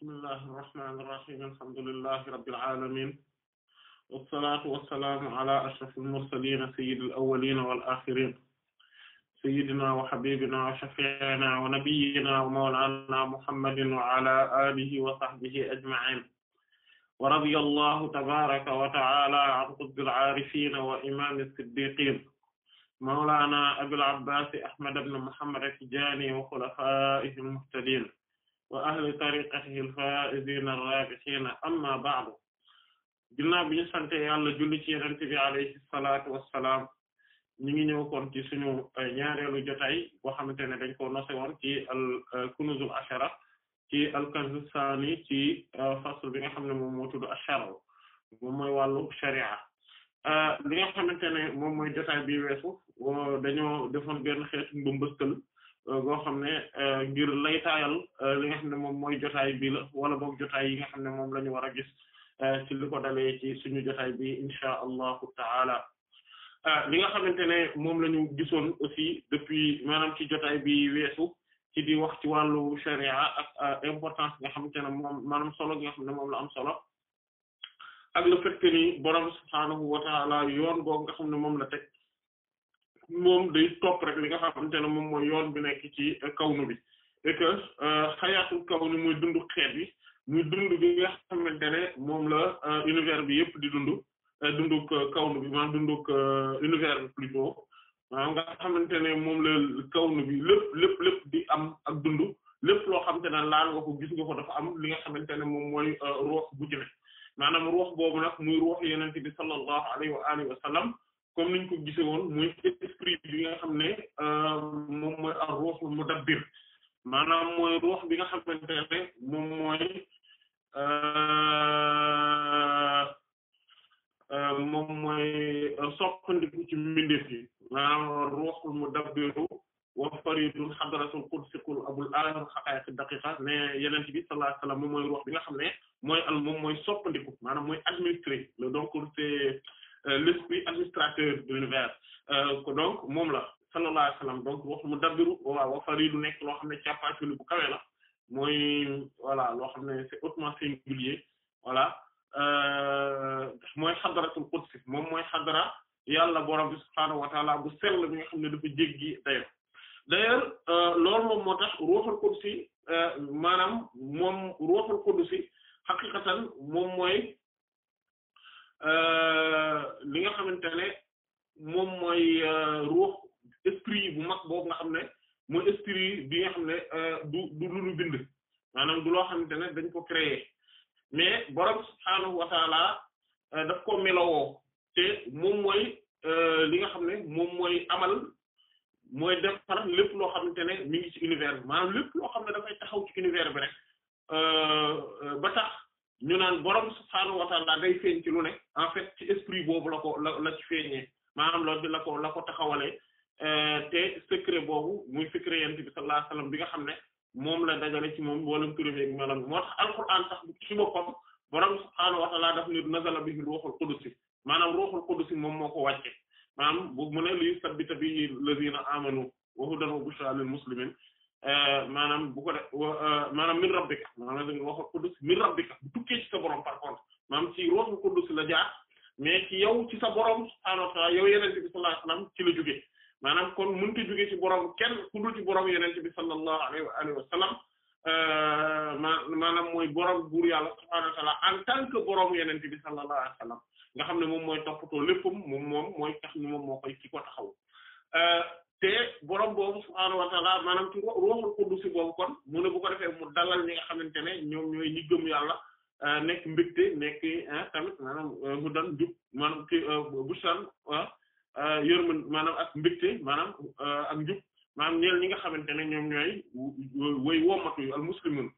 بسم الله الرحمن الرحيم الحمد لله رب العالمين والصلاة والسلام على أشرف المرسلين سيد الأولين والآخرين سيدنا وحبيبنا وشفيعنا ونبينا ومولانا محمد وعلى آله وصحبه أجمعين ورضي الله تبارك وتعالى عن قد العارفين وإمام الصديقين مولانا أبو العباس أحمد بن محمد الجاني وخلفائه المهتدين wa ahli tariqatihi al-faa'iziina ar-raabihiina amma ba'du ginnaaw bi ñu sante yàlla julli ci yonent bi alayhi salaatu wassalaam ñu ngi ñëw kon ci suñu ñaareelu jotaay boo xamante ne dañ ko nose woon ci al euh, kunuzul ashara ci al saani ci euh, fasl bi nga xam ne moom moo tudd ash moom mooy wàllu sharia euh, li nga xamante moom mooy jotaay bi weesu dañoo defoon benn xeetu mbëmbëstal goo xam ne euh, ngir laytaayal euh, li nga xam ne moom mooy jotaay bi la wala boog jotaay yi nga xam ne moom la ñu war a gis euh, ci li ko dalee ci suñu jotaay bi incha allahu taala li nga xamante ne moom la ñu gisoon aussi depuis maanaam ci jotaay bi weesu ci di wax ci wàllu sharia ak importance nga xamante ne moom maanaam solo nga xam ne moom la am solo ak le fait que ni borom subhaanahu wa yoon boobu nga xam ne moom la teg moom day topp rek li nga xamante ne moom mooy yoon bi nekk ci kawnu bi e que euh, xayaatu kawnu muy dundu xeet bi muy dund bi nga xamante ne moom la euh, univers bi yëpp di dund euh, dundug kawnu bi maanaam dundug univers bi plutôt nga xamante ne moom la kawnu bi lépp lépp di am ak dund lépp loo xamante ne laal nga ko gis nga ko dafa am li nga xamante ne moom mooy ruux bu ci ne maanaam ruux boobu nag muy ruux yenente bi sallallahu alayhi wa alihi wa sallam comme niñ ko gisee woon mooy esprit bi nga xam ne euh, moom mooy ar ruuxul mudabbir maanaam mooy ruux bi nga xam ne moom mooy euh, euh, moom mooy soppandiku ci mbindeef yi maanaam ruuxul mudabbiru wa faridul hadratul qudsi qul abul alam haqa'iq daqiqa ne yeneen bi sallallahu alayhi wasallam moom mooy ruux bi nga xam ne mooy al moom mooy soppandiku maanaam mooy administré donc c'est Euh, l'esprit administrateur de euh, donc moom la sallallahu alayhi donc wax mu dabbiru voilà faridu nekk loo xam ne càppaaculi bu kawe la mooy voilà loo xam ne c'est hautement singulier voilà euh, mooy xadaratul qudsi moom mooy xadara yàlla borom bi subhaanahu wa bu sell bi nga xam ne dafa jéggi dayo d'ailleurs loolu moom moo tax ruuxul qudsi maanaam moom ruuxul qudsi xaqiqatan moom mooy Euh, li nga xamante ne moom mooy euh, ruux esprit bu mag boobu nga xam ne mooy esprit bi nga xam ne euh, du du lu lu bind maanaam du loo xamante ne dañ ko créer mais borom subhaanahu wa daf ko melowoo te moom mooy li nga xam ne moom mooy amal mooy defar lépp loo xamante ne mi ci univers bi maanaam lépp loo xam ne dafay taxaw ci univers bi rek ba tax ñu naan borom subhaanahu wa taala day feeñ ci lu ne en fait ci esprit boobu la ko la la ci feeñee maanaam loolu la ko la ko taxawalee euh, te secret boobu muy secret yent bi sallallahu alayhi wasallam bi nga xam ne moom la dajale ci moom mboolem turam ak melam moo tax alquran sax ci boppam borom subhaanahu wa taala daf ne nazala bihi ruuhul qudus maanaam ruuhul qudus moom moo ko wàcce maanaam bu mu ne li sabbita bihi lazina amanu wa hudan wa bushra lil muslimin Euh, maanaam bu ko euh, maanaam min rabbika maanaam da nga wax qudus min rabbika bu tukkee ci sa borom par contre maanaam ci ruuhu qudus la jaar mais ci yow ci sa borom subhaanahu wa ta'aala yow yonent bi sallallahu alayhi ci la jóge maanaam kon mënut a jóge ci borom kenn ku dul ci borom yonent bi sallallahu alayhi wa alihi wa euh, maanaam mooy borom buur yàlla subhaanahu wa ta'aala en tant que borom yonent bi sallallahu alayhi nga xam ne moom mooy toppatoo léppam moom moom mooy tax ni moom moo koy ki ko te borom boobu subhaanahu wa ta'ala maanaam ci ruuhul kon mu ne bu ko defee mu dalal ñi nga xamante ne ñoom ñooy ñi gëm yàlla euh, nekk mbégte nekk tamit maanaam euh, mu dan jub maanaam ki euh, bushan yërmën maanaam ak mbégte maanaam ak njub maanaam ñeel ñi nga xamante ne ñoom ñooy woy wommatu yu al muslimun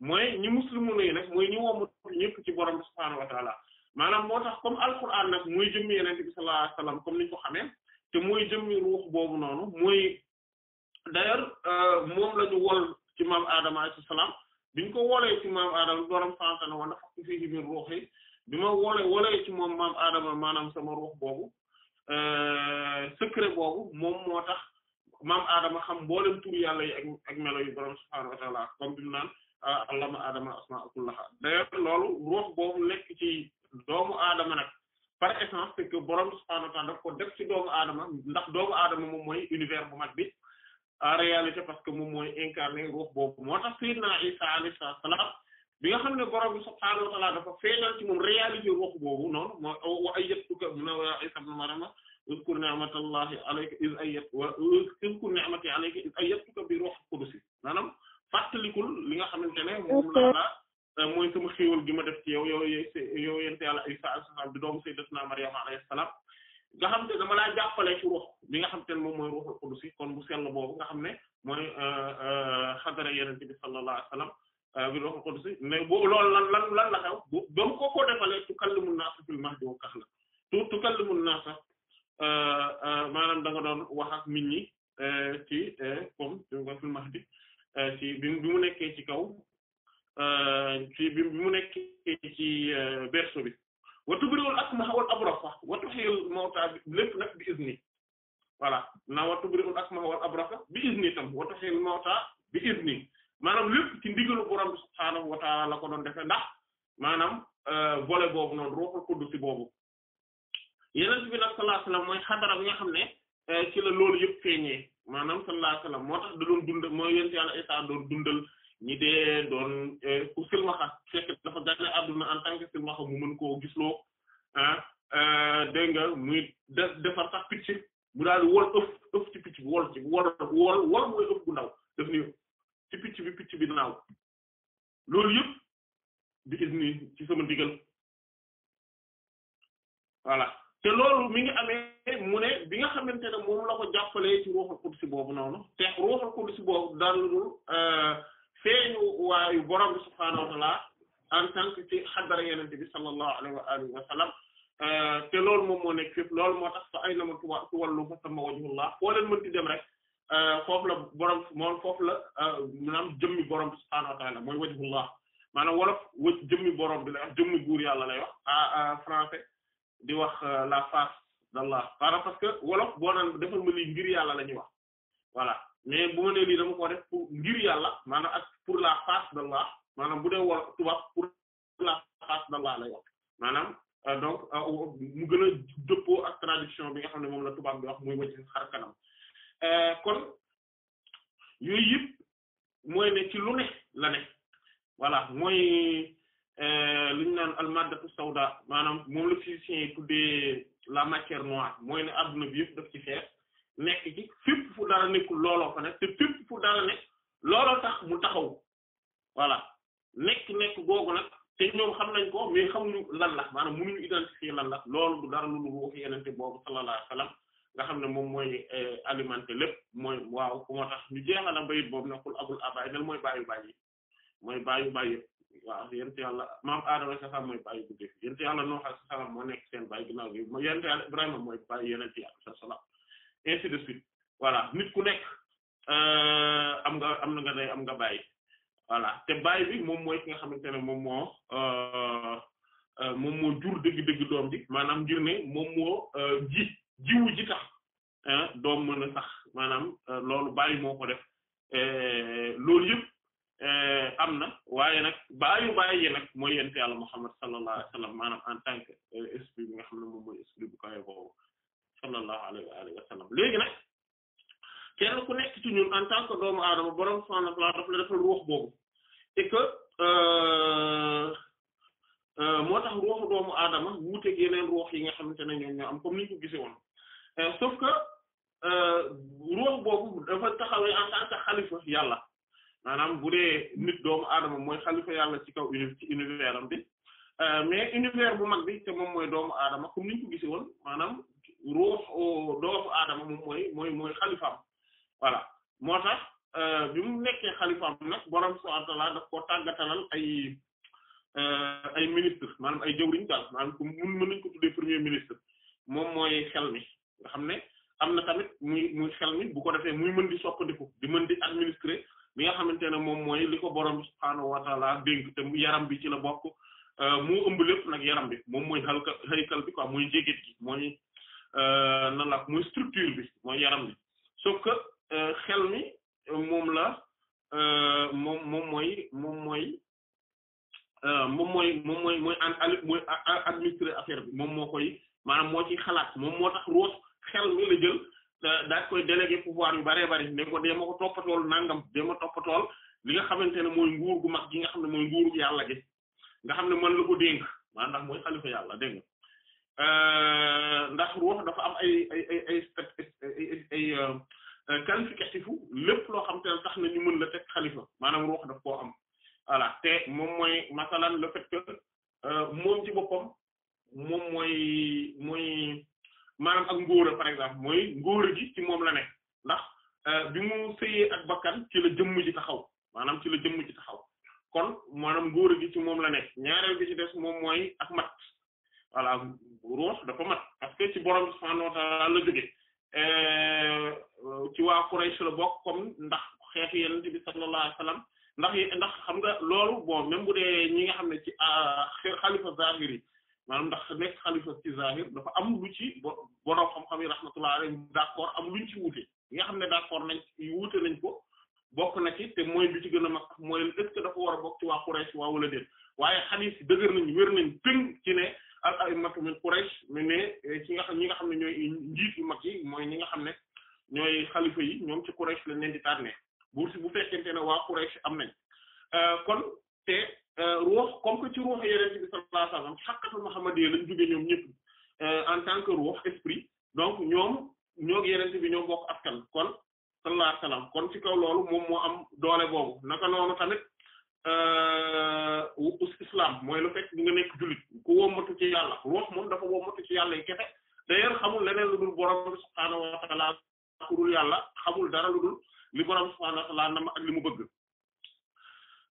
mooy ñi muslimuna yi nag mooy ñi wommatu ñëpp ci borom bi subhaanahu wa ta'ala maanaam tax comme alquran nag muy jëmmi yenente bi sallallahu alayhi wasallam comme niñ ko xamee te mooy jëmmi ruux boobu noonu mooy d'ailleurs euh, moom la wol ci maam Adama alayhi salaam biñ ko wolee ci maam Adama borom sant na woon dafa fi biir ruux bi ma wolee wolee ci moom maam Adama maanaam sama ruux boobu euh, secret boobu moom moo tax maam Adama xam mboolem tur yàlla yi ak melo yu borom subhaanahu wa ta'aala comme bi mu naan allama Adama asmaa loolu ruux boobu nekk ci doomu Adama nag. par essence que borom subhaanahu wa ta'aala daf ko def ci doomu aadama ndax doomu aadama moom mooy univers bu mag bi en réalité parce que moom mooy incarné ruux boobu moo tax sayyidina Isa alayhi bi nga xam ne borom bi subhaanahu wa ta'aala dafa feeñal ci moom réalité ruux boobu noonu moo wa ayyadtuka mu ne yaa Isa ibn Maryam uzkur ni'matallahi alayka iz ayyat wa uzkur ni'mati alayka iz ayyadtuka li nga xamante ne moom la Euh, mooy sama xéewal gi ma def ci yow yow yow yente yàlla Isa alayhi salaam di doomu sayyidatuna Maryam alayhi salaam nga xam te dama laa jàppale ci ruux bi nga xam te ne moom mooy ruuxul qudus yi kon bu sell boobu nga xam ne mooy euh, euh, xadara yenente bi sallallahu alayhi wasallam bi ruuxul qudus yi mais boobu loolu lan la xew ba mu kookoo defalee tukallimu naasa fil mahdi wa kahlan tu tukallimu naasa maanaam da doon wax ak nit ñi ci comme fil mahdi ci bi bi mu nekkee ci kaw Euh, ci bi mu nekk ci euh, berceau bi wa tubri'ul akmaha wal abrasa wa tuhyil mawta lépp nag bi izni voilà na wa tubri'ul akmaha wal abrasa bi izni tam wa tuhyil mawta bi izni maanaam lépp ci ndigalu borom subhaanahu wa ta'aala la ko doon defee ndax maanaam euh, volet boobu noonu ruuxul qudus boobu yeneen bi nag sallallahu mooy xadara bi nga ne ci la loolu yëpp feeñee maanaam sallallahu moo tax da doon dund mooy yéen si yàlla état doon dund. boobu noonu te ruuxul qudus boobu dara lu euh, feeñu waayu borom bi subhaanahu en tant que ci xadara yenente bi sallallahu alayhi euh, te loolu moom moo nekk fépp loolu moo tax fa ay na ma tuwa tuwallu fa sama wajhullah foo leen mënti dem rek euh, foofu la borom moom foofu la maanaam jëmmi borom bi subhaanahu wa ta'ala mooy wajhullah maanaam wolof wëj jëmmi borom bi lay wax jëmmi buur yàlla lay wax a français di wax la face d'Allah parce que wolof boo naan defal ma lii ngir la ñuy wax voilà mais bu ma nee lii dama ko def ngir yàlla maanaam ak pour la face d'Allah maanaam bu dee wala tubaab pour la face d'Allah lay wax maanaam euh, donc euh, mu gën a dëppoo ak traduction bi nga xam ne moom la tubaab bi wax muy wacc xar euh, kon yooyu yëpp mooy ne ci lu ne la ne voilà mooy li ñu naan almaddatu sawda maanaam moom la physiciens yi tuddee la matière noire mooy ne adduna bi yëpp daf ci fees nekk ci fépp fu dara nekkul looloo fa nekk te fépp fu dara tax mu taxaw voilà nekk nekk googu nag te ñoom xam nañ ko mais xamuñu lan la maanaam mënuñu identifier lan la loolu du dara lu dul wax yenente boobu sallallahu alayhi wa nga xam ne moom mooy euh, alimenté lépp mooy waaw ku moo tax ñu jeexala bayit boobu ne xul abul abay nel mooy bàyyu bày yi mooy bàyyu bày yëpp waaw yent yàlla maam aadama sa salam mooy bàyyi bu def yent yàlla nooxa sa salam moo nekk seen bàyyi ginnaaw gi yent mooy bàyyi yenent yàlla sa salam ainsi de suite voilà nit ku nekk euh, am nga am na nga day am nga bàyyi voilà te bàyyi bi moom mooy ki nga xamante ne moom moo euh, euh, moom moo jur dëgg-dëgg doom bi maanaam ngir ne moom moo ji jiwu ji tax doom mën a sax maanaam loolu bàyyi moo ko def loolu yëpp am na waaye nag baayu bàyyi nag mooy yent yàlla Muhammad sallallahu alayhi wa sallam maanaam en tant que esprit nga xam ne moom mooy esprit bu kawe boobu sallallahu alayhi wa alihi wa sallam léegi nag kenn ku ñun en tant que doomu aadama borom subhanahu wa ta'ala daf la defal ruux boobu et que euh, euh, moo tax ruuxu doomu aadama wuuteeg yeneen ruux yi nga xamante ne ñoom ñoo am comme ni ñu ko woon euh, sauf que ruux boobu dafa taxawee en tant que xalifa yàlla maanaam bu dee nit doomu aadama mooy xalifa yàlla ci kaw uni ci univers bi mais univers bu mag bi te moom mooy doomu aadama comme ni ñu ko woon maanaam ruux doofu aadama moom mooy mooy mooy xalifaam voilà moo tax euh, bi mu nekkee xalifaam nag borom subhaanahu wa daf koo tàggatalal ay euh, ay ministre maanaam ay jëwriñ daal maanaam ko mën nañ ko tuddee premier ministre moom mooy xel mi nga xam ne am na tamit muy muy xel mi bu ko defee muy mën di soppandiku di mën di administrer bi nga xamante ne moom mooy li ko borom subhaanahu wa ta'aala yaram bi ci la bokk euh, moo ëmb lépp nag yaram bi moom mooy xalka xaykal bi quoi mooy jéget gi mooy Euh, nan la mooy structure bi mooy yaram bi sauf que euh, xel mi moom la euh, moom moom mooy moom mooy moom mooy moom mooy mooy mooy administrer affaire bi moom moo koy maanaam moo ci xalaat moom moo tax roos xel mi la jël daal koy déléguer pouvoir yu baree bari ne ko dee ma ko toppatool nangam dee ma toppatool li nga xamante ne mooy nguur gu mag gi nga xam ne mooy nguuru yàlla gi nga xam ne man la ko dénk maanaam ndax mooy xalifa yàlla dégg Euh, ndax ruux dafa am ay ay ay ay ay ay euh, qualificatifu lépp loo xam te ne tax na ñu la teg xalifa maanaam ruux daf koo am voilà te moom mooy masalan la fait que euh, moom ci boppam moom mooy mooy maanaam ak ngóora par exemple mooy ngóora gi ci moom la nekk ndax bi mu sëyee ak bakkan ci la jëmm ji taxaw maanaam ci la jëmm ji taxaw kon maanaam ngóora gi ci moom la nekk ñaareel gi moom mooy ak mat voilà ruux dafa mat parce que ci borom subhaanahu wa ta'aala la jóge euh, ci waa Quraysh la bokk comme ndax xeetu yonent bi sallallahu alayhi wasallam ndax ndax xam nga loolu bon même bu dee ñi nga xam ne ci xalifa zahir yi maanaam ndax nekk xalifa ci zahir dafa am lu ci borom xam-xam yi rahmatullahi alayhim d'accord am luñ ci wuute ñi nga xam ne d'accord nañ wuute nañ ko bokk na ci te mooy lu ci gën a mag mooy est-ce que war a bokk waa Quraysh waa wala déet al a'immatu min Quraysh mais ne eh, ci nga xam ñi nga xam ne ñooy njiit yu mag yi mooy ñi nga xam ne ñooy xalifa yi ñoom ci Quraysh lañ leen di tànnee bu bu fekkente ne waa Quraysh am nañ euh, kon te euh, ruux comme que ci ruux yeneen bi sallallahu alayhi wasallam xaqatul muhammadiyya lañ jóge ñoom ñëpp euh, en tant que ruux esprit donc ñoom ñoo yeneen bi ñoo bokk askan kon sallallahu alayhi wasallam kon ci kaw loolu moom moo am doole boobu naka noonu tamit. Euh, us islam mooy lu fekk nga nekk jullit ku wommatu ci yàlla ruux moom dafa wommatu ci yàlla yi kese d'ailleurs xamul leneen lu dul borom subhaanahu wa ta'ala ku dul yàlla xamul dara lu dul li borom subhaanahu ak li mu bëgg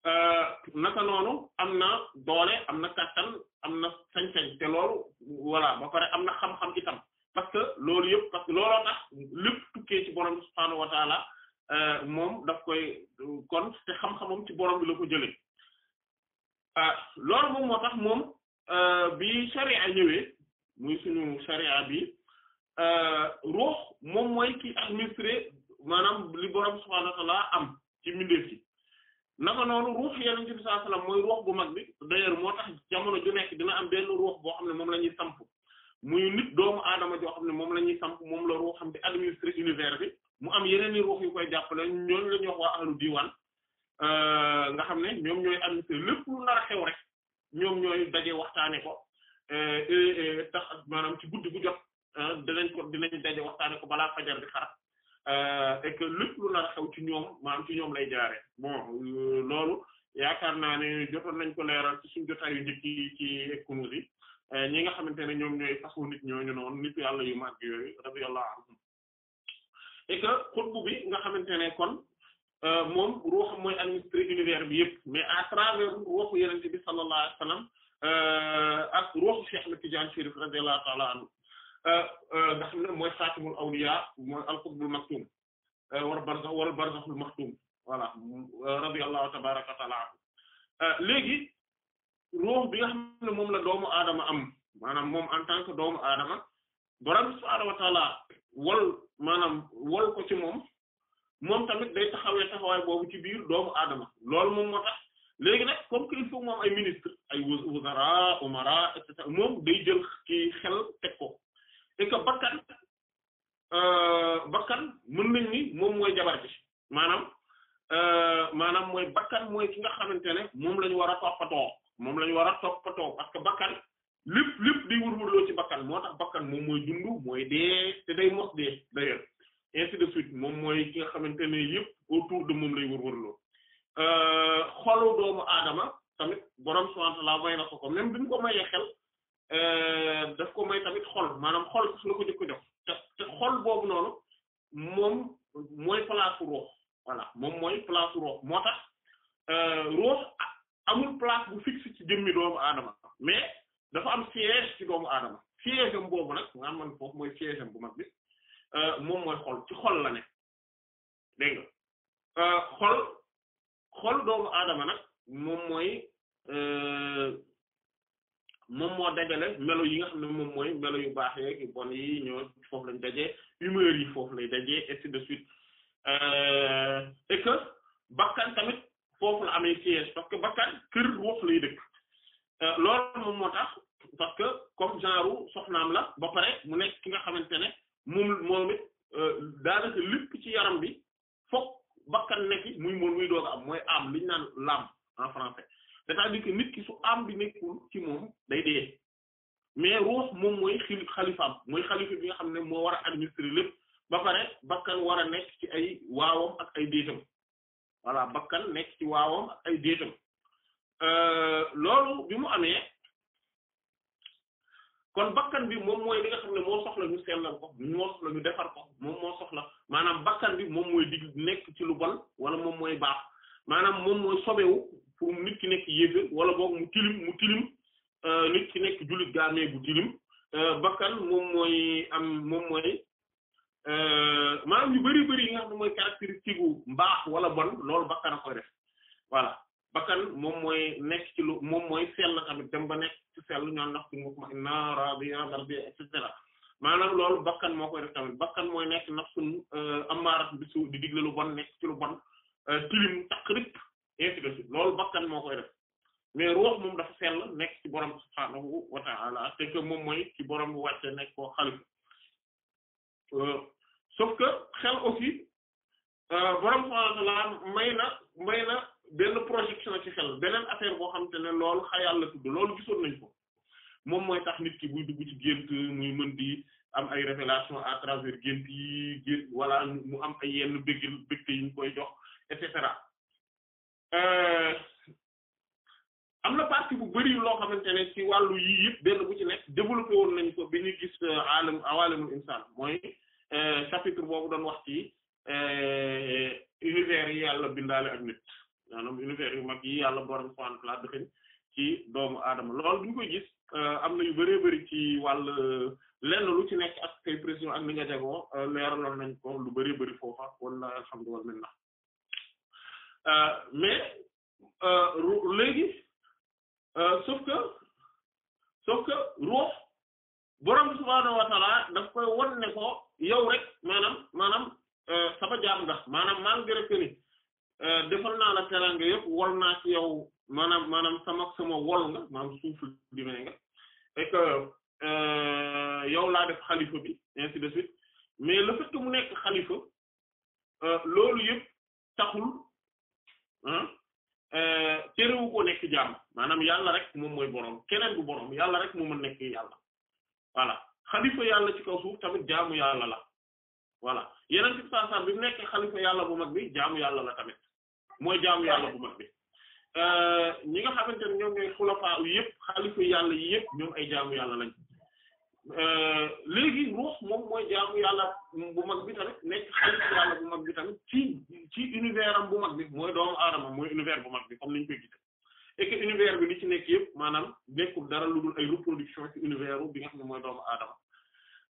euh, naka noonu am na doole am na kàttan am na sañ-sañ te loolu voilà ba pare am na xam-xam itam parce que loolu yëpp parce looloo tax lépp ci borom subhaanahu wa Euh, moom daf koy kon te xam-xamam ci borom bi la ko jëlee euh, loolu moom moo tax moom euh, bi sharia ñëwee muy suñu sharia bi ruux moom mooy ki administré maanaam li borom subhaanahu wa ta'aala am ci mbindeef ci naka noonu ruux yonent bi sallallahu alayhi wasallam mooy ruux bu mag bi d'ailleurs moo tax jamono ju nekk dina am benn ruux boo xam ne moom la ñuy samp muy nit doomu aadama joo xam ne moom la ñuy samp moom la ruuxam di administré univers bi. mu am yeneen i ruux yu koy jàppale ñooñu la ñuy wax waa ahlu diwaan euh, nga xam ne ñoom ñooy administré lépp lu nar a xew rek ñoom ñooy daje waxtaane ko euh, tax maanaam ci guddi gu jot euh, dinañ ko dinañ daje waxtaane ko balaa fajar di xar et que lépp lu nar a xew ci ñoom maanaam ci ñoom lay jaare bon loolu yaakaar naa ne jotoon nañ ko leeral ci suñu jotaayu njëkk yi ci Kunûz yi ñi nga xamante ne ñoom ñooy façon nit ñooñu noonu nit yàlla yu mag yooyu radiyallahu anhum et que khutbu bi nga xamantene kon euh mom ruh moy administrer univers bi yep mais à travers ruhu yaronte bi sallalahu alayhi wasallam euh ak ruhu Cheikh Ahmed Tidiane Chérif radiyallahu ta'ala anhu nga xam ne mooy xaatimul awliya mooy alxutbul maktum war barzax wal barzaxul maktum voilà radiyallahu tabaraka wa ta'ala euh legui ruh bi nga xam mom la doomu adama am manam mom en tant que doomu adama borom subhanahu wa ta'ala wol maanaam wol ko ci moom moom tamit day taxawee taxawaay boobu ci biir doomu aadama loolu moom moo tax léegi nag comme que il faut moom ay ministre ay wuzara umara et cetera moom day jël ci xel teg ko et que bakkan euh, bakkan mën nañ ni moom mooy jabar bi maanaam euh, maanaam mooy bakkan mooy ki nga xamante ne moom la ñu war a toppatoo moom la ñu war a toppatoo parce que bakkan lépp lépp day wërwërloo ci bakkan moo tax bakkan moom mooy dund mooy dee te day mos dee d'ailleurs ainsi de suite moom mooy ki nga xamante ne yëpp autour de moom lay wërwërloo euh, xolu doomu aadama tamit borom subhanahu wa ta'ala may na ko ko même ko mayee xel euh, daf ko may tamit xol maanaam xol sax la ko jëkk ko jox te xol boobu noonu moom mooy place ruux voilà moom mooy place ruux moo tax euh, ruux amul place bu fixe ci jëmmi doomu aadama mais dafa am siège ci doomu aadama siège am boobu nag nga man foofu mooy siège am bu mag bi euh, moom mooy xol ci xol la ne dégg euh, xol xol doomu aadama nag moom mooy euh, moom moo dajale melo yi nga xam ne moom mooy melo yu baax yeeg yu bon yi ñoo foofu lañ dajee humeur yi foofu lay dajee ainsi de suite et que bakkan tamit foofu la amee siège parce que bakkan kër ruux lay dëkk Euh, loolu moom moo tax parce comme genre soxnaam la ba pare mu nekk ki nga xamante ne moom moom it euh, daanaka lépp ci yaram bi fokk bakkan nekki muy moom muy doog am mooy am li naan l'âme en français c'est-à-dire que nit ki su am bi nekkul ci moom day dee mais ruux moom mooy xil xalifaam mooy xalifa bi nga xam ne moo war a administrer lépp ba pare bakkan war a nekk ci ay waawam ak ay déetam voilà bakkan nekk ci waawam ak ay déetam Euh, loolu bi mu amee kon bakkan bi moom mooy li nga xam ne moo soxla ñu sellal ko moo soxla ñu defar ko moom moo soxla maanaam bakkan bi moom mooy dig nekk ci lu bon wala moom mooy baax maanaam moom mooy sobewu pour nit ki nekk yéefér wala boog mu tilim mu tilim euh, nit ki nekk jullit gaamee bu tilim euh, bakkan moom mooy am moom mooy maanaam yu bari bari yi nga xam ne mooy caractéristique mbaax wala bon loolu bakkan a koy def voilà bakkan moom mooy nekk ci lu moom mooy sell tamit dem ba nekk ci sell ñoom ndax suñu ma naa radiya et cetera maanaam loolu bakkan moo koy def tamit bakkan mooy nekk nafsun euh, ammaara bi su di digle lu bon nekk ci lu bon euh, tilim takk rip loolu bakkan moo koy def mais ruux moom dafa sell nekk ci borom subhaanahu wa ta'ala te que moom mooy ci borom bu wàcce nekk koo xalifa euh, sauf xel aussi borom subhaanahu wa ta'ala may na benn projection ci xel beneen affaire boo xam ne lool xayal yàlla tudd loolu gisoon nañ ko moom mooy tax nit ki buy dugg ci gént muy mën di am ay révélation à travers gént yi gént wala mu am ay yenn bëgg bëgg yi ñu koy jox et cetera euh, am na partie bu bari loo xamante ne ci wàllu yii yëpp benn bu ci nekk développé nañ ko bi ñu gis euh, alam awalamul insaan mooy euh, chapitre boobu doon wax ci univers yi yàlla bindaale ak nit maanaam univers yu mag yi yàlla borom subhanahu wa ta'ala dëxëñ ci doomu aadama loolu koy gis euh, am na yu bëree bëri ci wàll lenn lu ci nekk ak kay précision ak ni nga jagoo euh, leeraloon nañ ko lu bëree bëri foofa wala alhamdulillah euh, mais léegi sauf que sauf que ruux borom subhaanahu wa daf koy won ne yow rek maanaam maanaam sama jaam nga maanaam malgré que ni Euh, defal naa la teraanga yëpp wol naa ci yow maanaam maanaam sama sama wol nga maanaam suuf di nga et que euh, yow laa def xalifa bi ainsi de suite mais le fait mu nekk xalifa euh, terewu ko nekk jàmm maanaam yàlla rek moom mooy boroom keneen du boroom yàlla rek moo mën nekk yàlla voilà xalifa yàlla ci kaw suuf tamit jaamu yàlla la voilà yeneen ci saa bi mu nekk xalifa yàlla bu mag bi jaamu yàlla la tamit mooy jaamu yàlla bu mag bi euh, ñi nga xamante ne ñoom yëpp xalifa yàlla yi yëpp ñoom ay jaamu yàlla lañ euh, léegi ruux moom mooy jaamu yàlla bu mag bi tamit nekk xalifa yàlla bu mag bi tamit ci ci univers am bu mag bi mooy doomu aadama mooy univers bu mag bi comme niñ koy gis et que univers bi li ci nekk yëpp maanaam nekkul dara lu dul ay reproduction ci univers bi nga xam ne mooy doomu aadama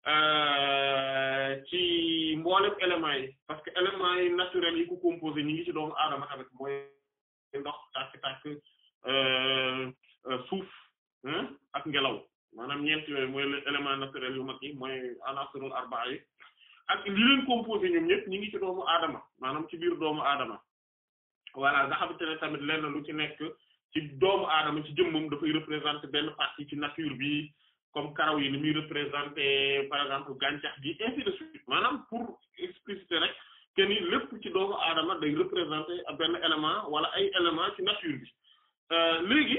Euh, ci mboolem éléments yi parce que éléments yi naturels yi ko composé ñi ngi ci doomu aadama tamit mooy ndox tàkk-tàkk euh, euh, ak ngelaw maanaam ñeent yooyu mooy élément naturel yu mag yi mooy anasirul arbaa yi ak li composé ñoom ñëpp ñi ngi doomu aadama maanaam ci biir doomu adama voilà nga xamante tamit lenn lu ci nekk ci doomu aadama ci jëmmam dafay représenter benn partie ci nature bi comme karaw yi li muy représenter par exemple gàncax gi ainsi de maanaam pour expliciter rek que ni lépp ci doomu aadama day représenter benn élément wala ay élément ci nature bi euh, léegi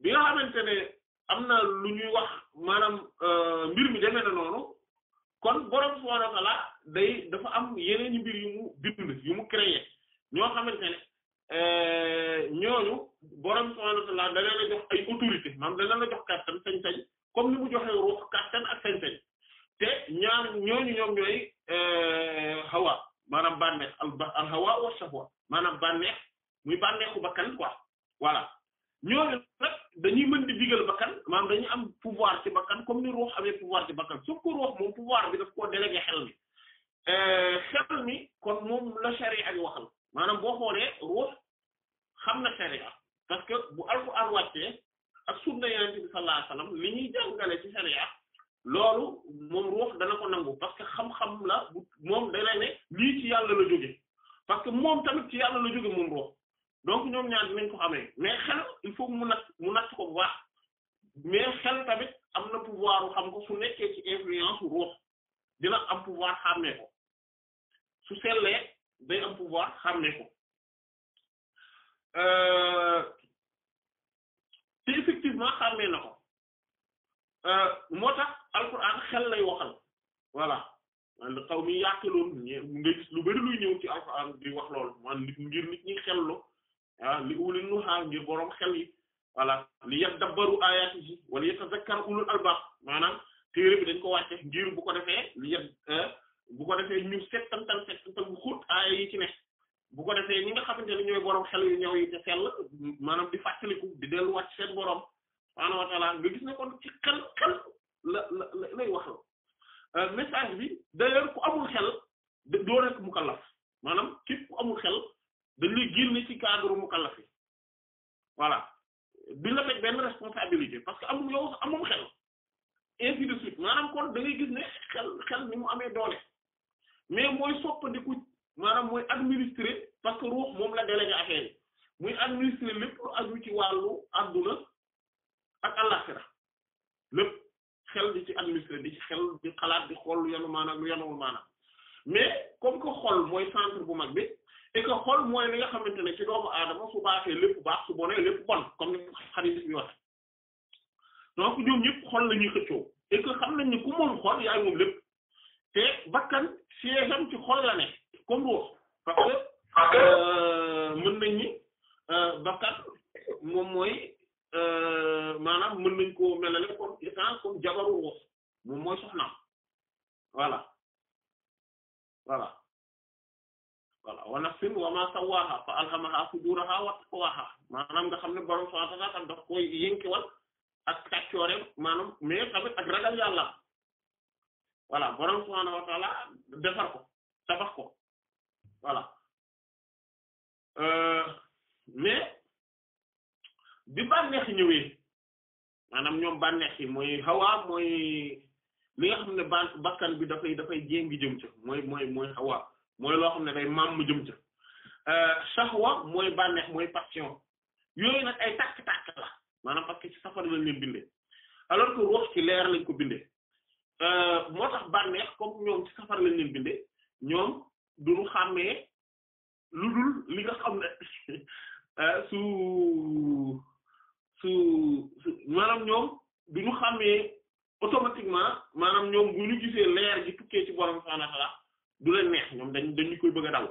bi nga xamante ne am na lu ñuy wax maanaam euh, mbir mi demee na noonu kon borom subhaanahu wa ta'aala day dafa am yeneen i mbir yu mu bind yu mu créer ñoo xamante ne. Euh, ñooñu borom subhaanahu wa ta'aala dana la jox ay autorité maanaam dana la jox kàttan sañ-sañ comme ni mu joxee ruux kàttan ak sañ-sañ te ñaar ñooñu ñoom ñooy euh, hawa maanaam bànneex al hawa wa shahwa maanaam bànneex muy bànneexu bakkan quoi voilà ñooñu nag dañuy mën di digal bakkan maanaam dañuy am pouvoir ci bakkan comme ni ruux amee pouvoir ci bakkan sauf que ruux moom pouvoir bi daf lépp lu aju ci wàllu adduna ak àllaxira lépp xel di ci administré di ci xel di xalaat di xool lu yanu maanaam lu yanuwul maanaam mais comme que xol mooy centre bu mag bi et que xol mooy li nga xamante ne ci doomu aadama su baaxee lépp baax su bonee lépp bon comme ni xarit bi wax donc ñoom ñëpp xol la ñuy xëccoo et que xam nañ ni ku moom xol yaay moom lépp te bakkan siège am ci xol la ne comme wax parce que euh, nañ ni Euh, bakkan moom mooy euh, maanaam mën nañ koo melale comme essence comme jabaru ruux moom mooy soxnaam voilà voilà voilà wa nafsin wa ma sawwaha fa alhamaha fujuraha wa taqwaha maanaam nga xam ne borom subhanahu wa ta'ala tam daf koy yënkiwal ak kàccooreem maanaam mais tamit ak ragal yàlla voilà borom subhanahu wa ta'ala defar ko tabax ko voilà. Euh, mais bi bànneex ñëwee maanaam ñoom bànneex yi mooy xawaa mooy li nga xam ne ban bi dafay dafay jéngi jëm ca mooy mooy mooy xawaa mooy loo xam ne day màmm jëm ca euh, saxwa mooy bànneex mooy passion yooyu nag ay tàkk-tàkk la maanaam parce que ci safara lañ leen bindee alors que ruux ci leer lañ ko bindee euh, moo tax bànneex comme ñoom ci safara lañ bindee ñoom duñu xàmmee lu dul li nga xam ne Euh, su su su maanaam ñoom du ñu xàmmee automatiquement maanaam ñoom bu ñu gisee leer gi tukkee ci borom subhaanahu wa du leen neex ñoom dañ dañu koy bëgg a dal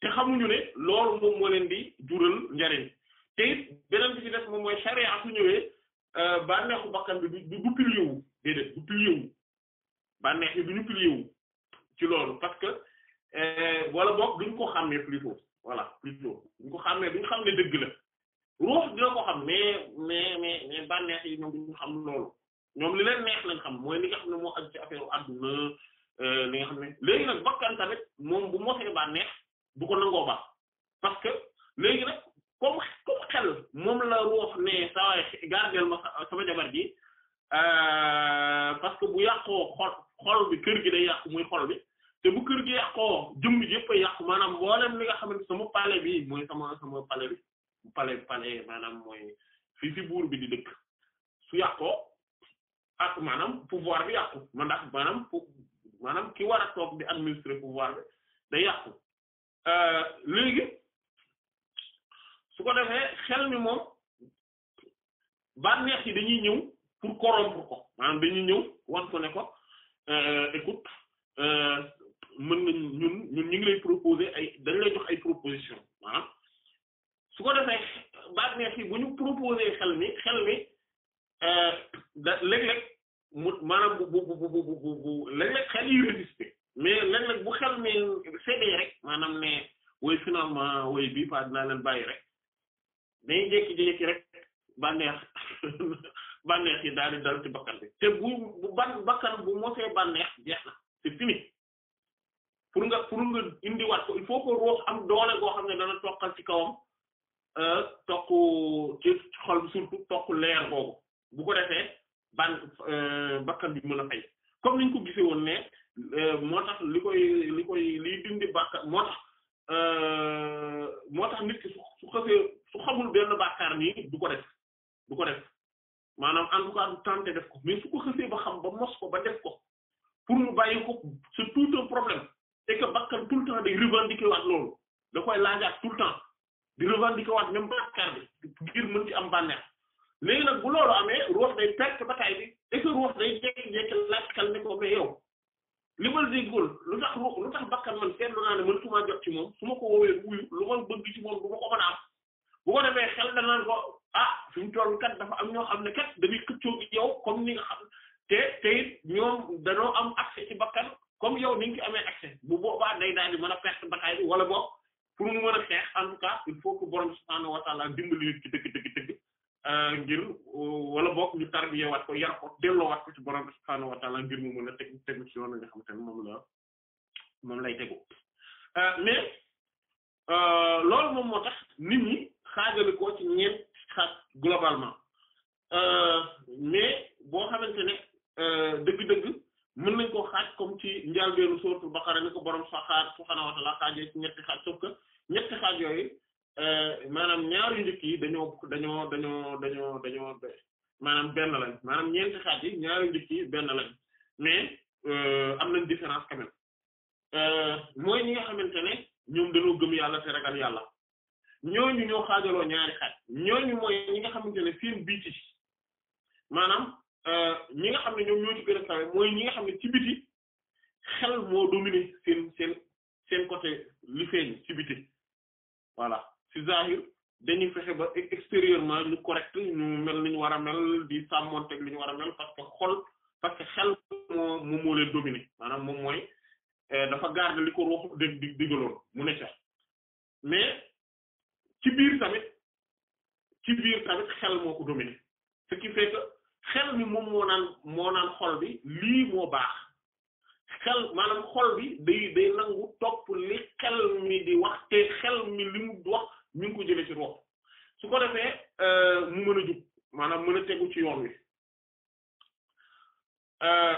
te xamuñu ne loolu moom moo leen di jural njariñ te it beneen bi ci def moom mooy sharia su ñëwee euh, bànneexu bakkan bi du du pilier wu déedéet du pilier wu bànneex yi du ñu pilier wu ci loolu parce que euh, wala boog duñ ko xàmmee plutôt plutôt duñ ko xam ne duñ xam ne dëgg la ruux dina ko xam mais mais mais mais bànneex yi ñoom duñ xam loolu ñoom li leen neex lañ xam mooy li nga xam ne moo aju ci affaire àdduna euh, léegi nag bakkan tamit moom bu mosee bànneex du ko nangoo baax parce que léegi nag comme comme xel moom la ruux ne saa gardeel ma sama jabar ji euh, parce que bu yàqoo xol xol bi kër gi day yàqu muy xol bi te bu kër gi yàqoo jëmm yëpp yàqu maanaam mboolem li nga xamante sama palais bi mooy sama sama palais bi mooy fii fi buur bi di dëkk su yàqoo ak maanaam pouvoir bi yàqu ma maanaam ki war a toog di administrer pouvoir bi day yàqu euh, léegi su ko defee xel mi moom bànneex yi dañuy ñëw pour corrompre ko maanaam dañuy ñëw wan ko ne ko euh, écoute euh, mën nañ ñun ñun ñu ngi lay proposer ay dañ lay jox ay proposition maanaam ah. su ko defee bànneex yi bu ñu proposer xel mi xel mi euh, da léeg-léeg mu maanaam bu bu bu bu bu bu léeg-léeg xel yi résister mais léeg-léeg bu xel mi séddee rek maanaam ne woy finalement woy bii pas dinaa leen bàyyi rek day jékki-jékki rek bànneex bànneex yi daal di dal ci bakkan bi te bu bu ban bakkan bu mosee bànneex jeex na c'est fini pour nga pour nga indiwaat ko il faut que ruux am doole goo xam ne dana toqal ci kawam euh, toq ci xol surtout toq leer boobu bu ko defee ban euh, bakkan bi mën a fay comme niñ ko gisee woon ne euh, moo tax li koy li koy li dindi bàkkaar moo tax moo tax nit ki su xamul benn bàkkaar nii du ko def du ko def maanaam en tout cas du def ko mais su ko xasee ba xam ba mos ko ba def ko pour mu bàyyi ko c'est tout problème bakkan tout le temps day revendiquer waat loolu da koy laajaat tout le temps di revendiquer waat même bàkkaar bi ngir mën ci am bànneex léegi nag bu loolu amee ruux day perte bataay bi et que ruux day jékki-jékki laajkal ne ko mais yow li ma déggul lu tax ruux lu tax bakkan man seetlu naa ne mën suma jot ci ma ko woowee wuyu lu ma bëgg ci moom du ma ko mën a am bu ko defee xel danaan ko ah fi mu toll kat dafa am ñoo xam ne kat dañuy xëccoo gi yow comme ni nga xam te te ñoom danoo am accès ci bakkan comme yow ni nga amee accès bu boobaa day daal di mën a perte bataay bi wala boog pour mu mën a xeex en tout cas il faut que borom subhaanahu wa ta'ala dimbali nit ki dëgg dëgg dëgg euh, ngir euh, wala boog ñu tarbiyewaat ko yar ko delloowaat ko ci borom subhaanahu wa ta'ala ngir mu mën a teg tegu la moom euh, mais loolu moom moo tax nit ñi xaajale ci ñeent xaaj globalement mais boo xamante ne dëgg-dëgg. mën nañ ko xaaj comme ci njàlbeenu sóoratul Baqara ni ko borom saxaar subhaanahu wa ta'aala xaajee ci ñetti xaaj sauf que ñetti xaaj yooyu euh, maanaam ñaar yu njëkk yi dañoo dañoo dañoo dañoo maanaam benn lañ maanaam ñeenti xaaj yi ñaar njëkk yi benn lañ mais euh, am nañ différence quand même euh, mooy ñi nga xamante ñoom dañoo gëm yàlla te ragal yàlla ñooñu ñoo xaajaloo ñaari xaaj ñooñu mooy ñi nga xamante ne biiti maanaam Euh, ñi nga xam ne ñoom ñoo ci gën a kawe mooy ñi nga xam ne ci biti xel moo dominer seen seen seen côté li feeñ ci biti voilà ci zahir dañuy fexe ba e-, extérieurement ñu correct ñu mel ni ñu war a mel di sàmmonteeg li ñu war a mel parce que xol parce que xel moo moom moo leen dominer maanaam moom mooy euh, dafa garder li ko ruux dé di mu ne ca mais ci biir tamit ci biir tamit xel moo ko dominer moo naan moo naan xol bi lii moo baax xel maanaam xol bi day day nangu topp li xel mi di wax te xel mi li mu wax mi ngi ko jëlee ci ruux su ko defee euh, mu mën a jub maanaam mën a tegu ci yoon wi euh,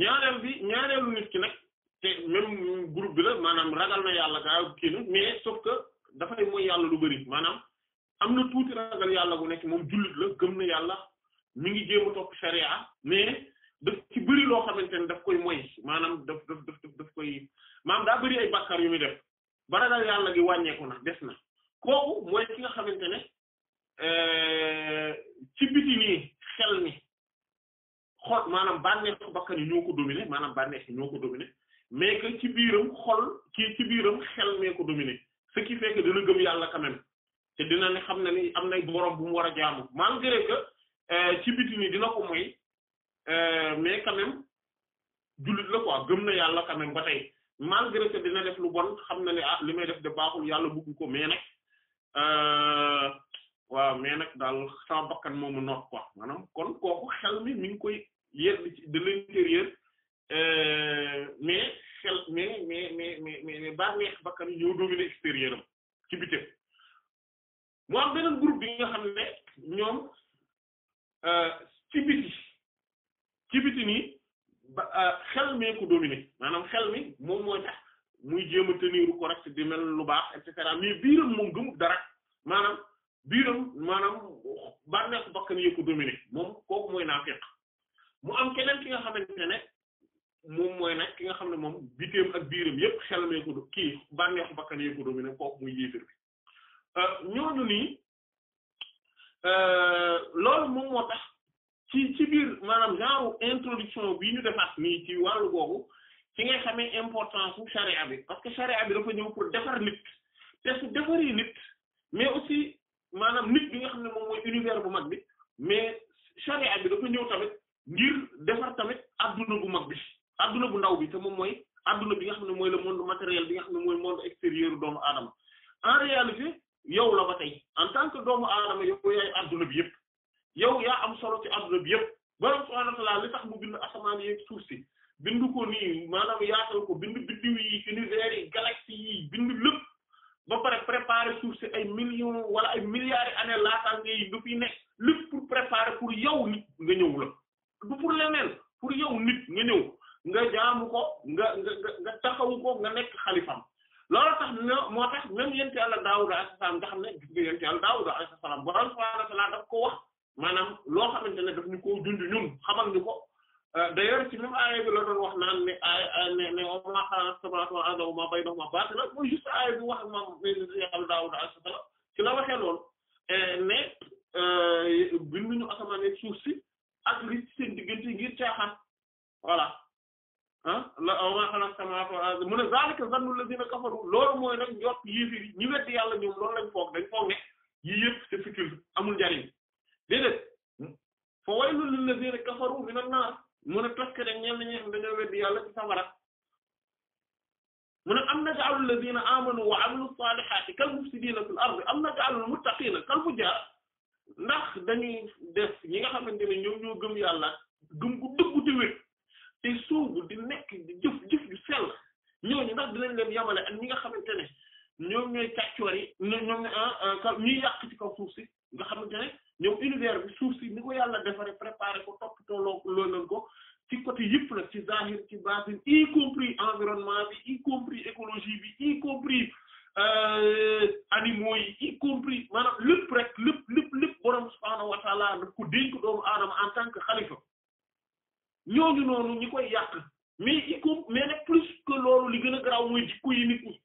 ñaareel bi ñaareelu nit ki nag te même groupe bi la maanaam ragal na yàlla gaa kii na mais sauf que dafay mooy yàlla lu bari maanaam am na tuuti ragal yàlla bu nekk moom jullit la gëm na yàlla mi ngi jéem a topp charia mais daf ci bëri loo xamante ne daf koy moy maanaam daf daf daf koy maanaam daa bëri ay bàkkaar yu muy def bara yàlla gi wàññeeku na des na kooku mooy ki nga xamante ne euh, ci biti nii xel ni xol maanaam bànneexu bakkan yi ñoo ko maanaam bànneex yi ñoo ko dominer mais que ci biiram xol kii ci biiram xel mee ko dominer ce qui fait gëm yàlla quand même te dina ne xam na ni am nay borom bu mu war a jaamu malgré que Euh, ci biti ni dina ko moy euh, mais quand même jullit la quoi gëm yàlla quand même ba tey malgré que dina def lu bon xam na ne ah li may def de baaxul yàlla bëgg ko mais nag euh, waaw mais nag daal sama bakkan moomu noot quoi maanaam kon kooku xel mi mi ngi koy yedd ci de l'intérieur mais xel mais mais mais mais mais neex bakkan ñoo dominer extérieur ci biti mu am groupe bi nga xam ne ñoom Euh, ci biti ci biti nii ba euh, xel mee ko dominé maanaam xel mi moom mooy tax muy jéem correct di mel lu baax et cetera mais biiram moom gëmut dara maanaam biiram maanaam bànneexu bakkan yee ko dominé moom kooku mooy naafiq mu am keneen ki nga xamante ne moom mooy nag ki nga xam ne moom bitim ak biiram yépp xel mee ko kii bànneexu bakkan yee ko dominé kooku muy yéefir bi euh, ñooñu nii Eee, euh, lor moun mwata, ti tibir, manam, jan ou introdiksyon ou bi nou defas mi, ti wan lou gwo ou, ti nge kame importans ou chare abe. Patke chare abe do penye ou pou defar nit. Te se defari nit, me osi, manam, nit bi nyak mwen mwen univerbo magbi, me chare abe do penye ou tabet, gir defar tabet abdouno gou magbi. Abdouno goun na ou bi, te mwen mwen, abdouno bi nyak mwen mwen le moun materyal bi nyak mwen moun ekteriyer don adam. An realize, yow la ba tey en tant que doomu aadama yow yaay adduna bi yëpp yow yaa am solo ci adduna bi yëpp ba subhaanahu wa ta'aala tax mu bind asamaan yeeg suuf si bind ko nii maanaam yaatal ko bind biddiw yi univers yi yi bind lépp ba pare préparer suuf si ay million wala ay milliards yi années laataa ngay du fi nekk lépp pour préparer pour yow nit nga ñëw la du pour leneen pour yow nit nga ñëw nga jaamu ko nga nga nga taxawu ko nga nekk xalifam loolu tax na moo tax même yent yàlla Daawuda alayhi salaam nga xam ne gis nga yent yàlla Daawuda alayhi salaam borom subhaanahu wa ta'aala daf ko wax maanaam loo xamante ne daf ñu ko dund ñun ko euh, d'ailleurs ci même wax naan ne aaya euh, ne ne wa maa xalaqa as-samaawaati wal arda wa maa la waxee loolu euh, mais ah la aw ma xalaq samaawaati wal ard mu ne zaalika zannu lladiina kafaru loolu mooy nag njort yéefiri ñi weddi yàlla ñoom loolu lañ foog dañ foog ne yii yëpp c'est futile amul njariñ déedéet fa waylul lil ladina kafaru minan naar mu ne toske de ñen ñi xam dañoo weddi yàlla ci safara mu ne am naj'alul ladina amanu wa 'amilus salihati kal mufsidina fil ardi am naj'alul muttaqina kal fujjar ndax dañuy def ñi nga xamante ne ñoom ñoo gëm yàlla gëm gu dëggu te wér tey sóobu di nekk di jëf jëf ju sell ñooñu ndax dinañ leen yamale ak ñi nga xamante ne ñoom ñooy càccoor yi ñoom ah, ah, ñuy yàq ci kaw suuf si nga xamante ne ñoom univers bi suuf si ni ko yàlla defaree préparé ko toppatoo loo loo leen ko ci côté yëpp la ci zahir ci batin y compris environnement bi y compris écologie bi y compris euh, animaux yi y compris maanaam lépp rek lépp lépp lépp borom subhaanahu wa taala daf ko dénk doomu aadama en tant que xalifa ñooñu noonu ñi koy yàq mais i ko mais nag plus que loolu li gën a garaaw mooy jikko yi nit ñi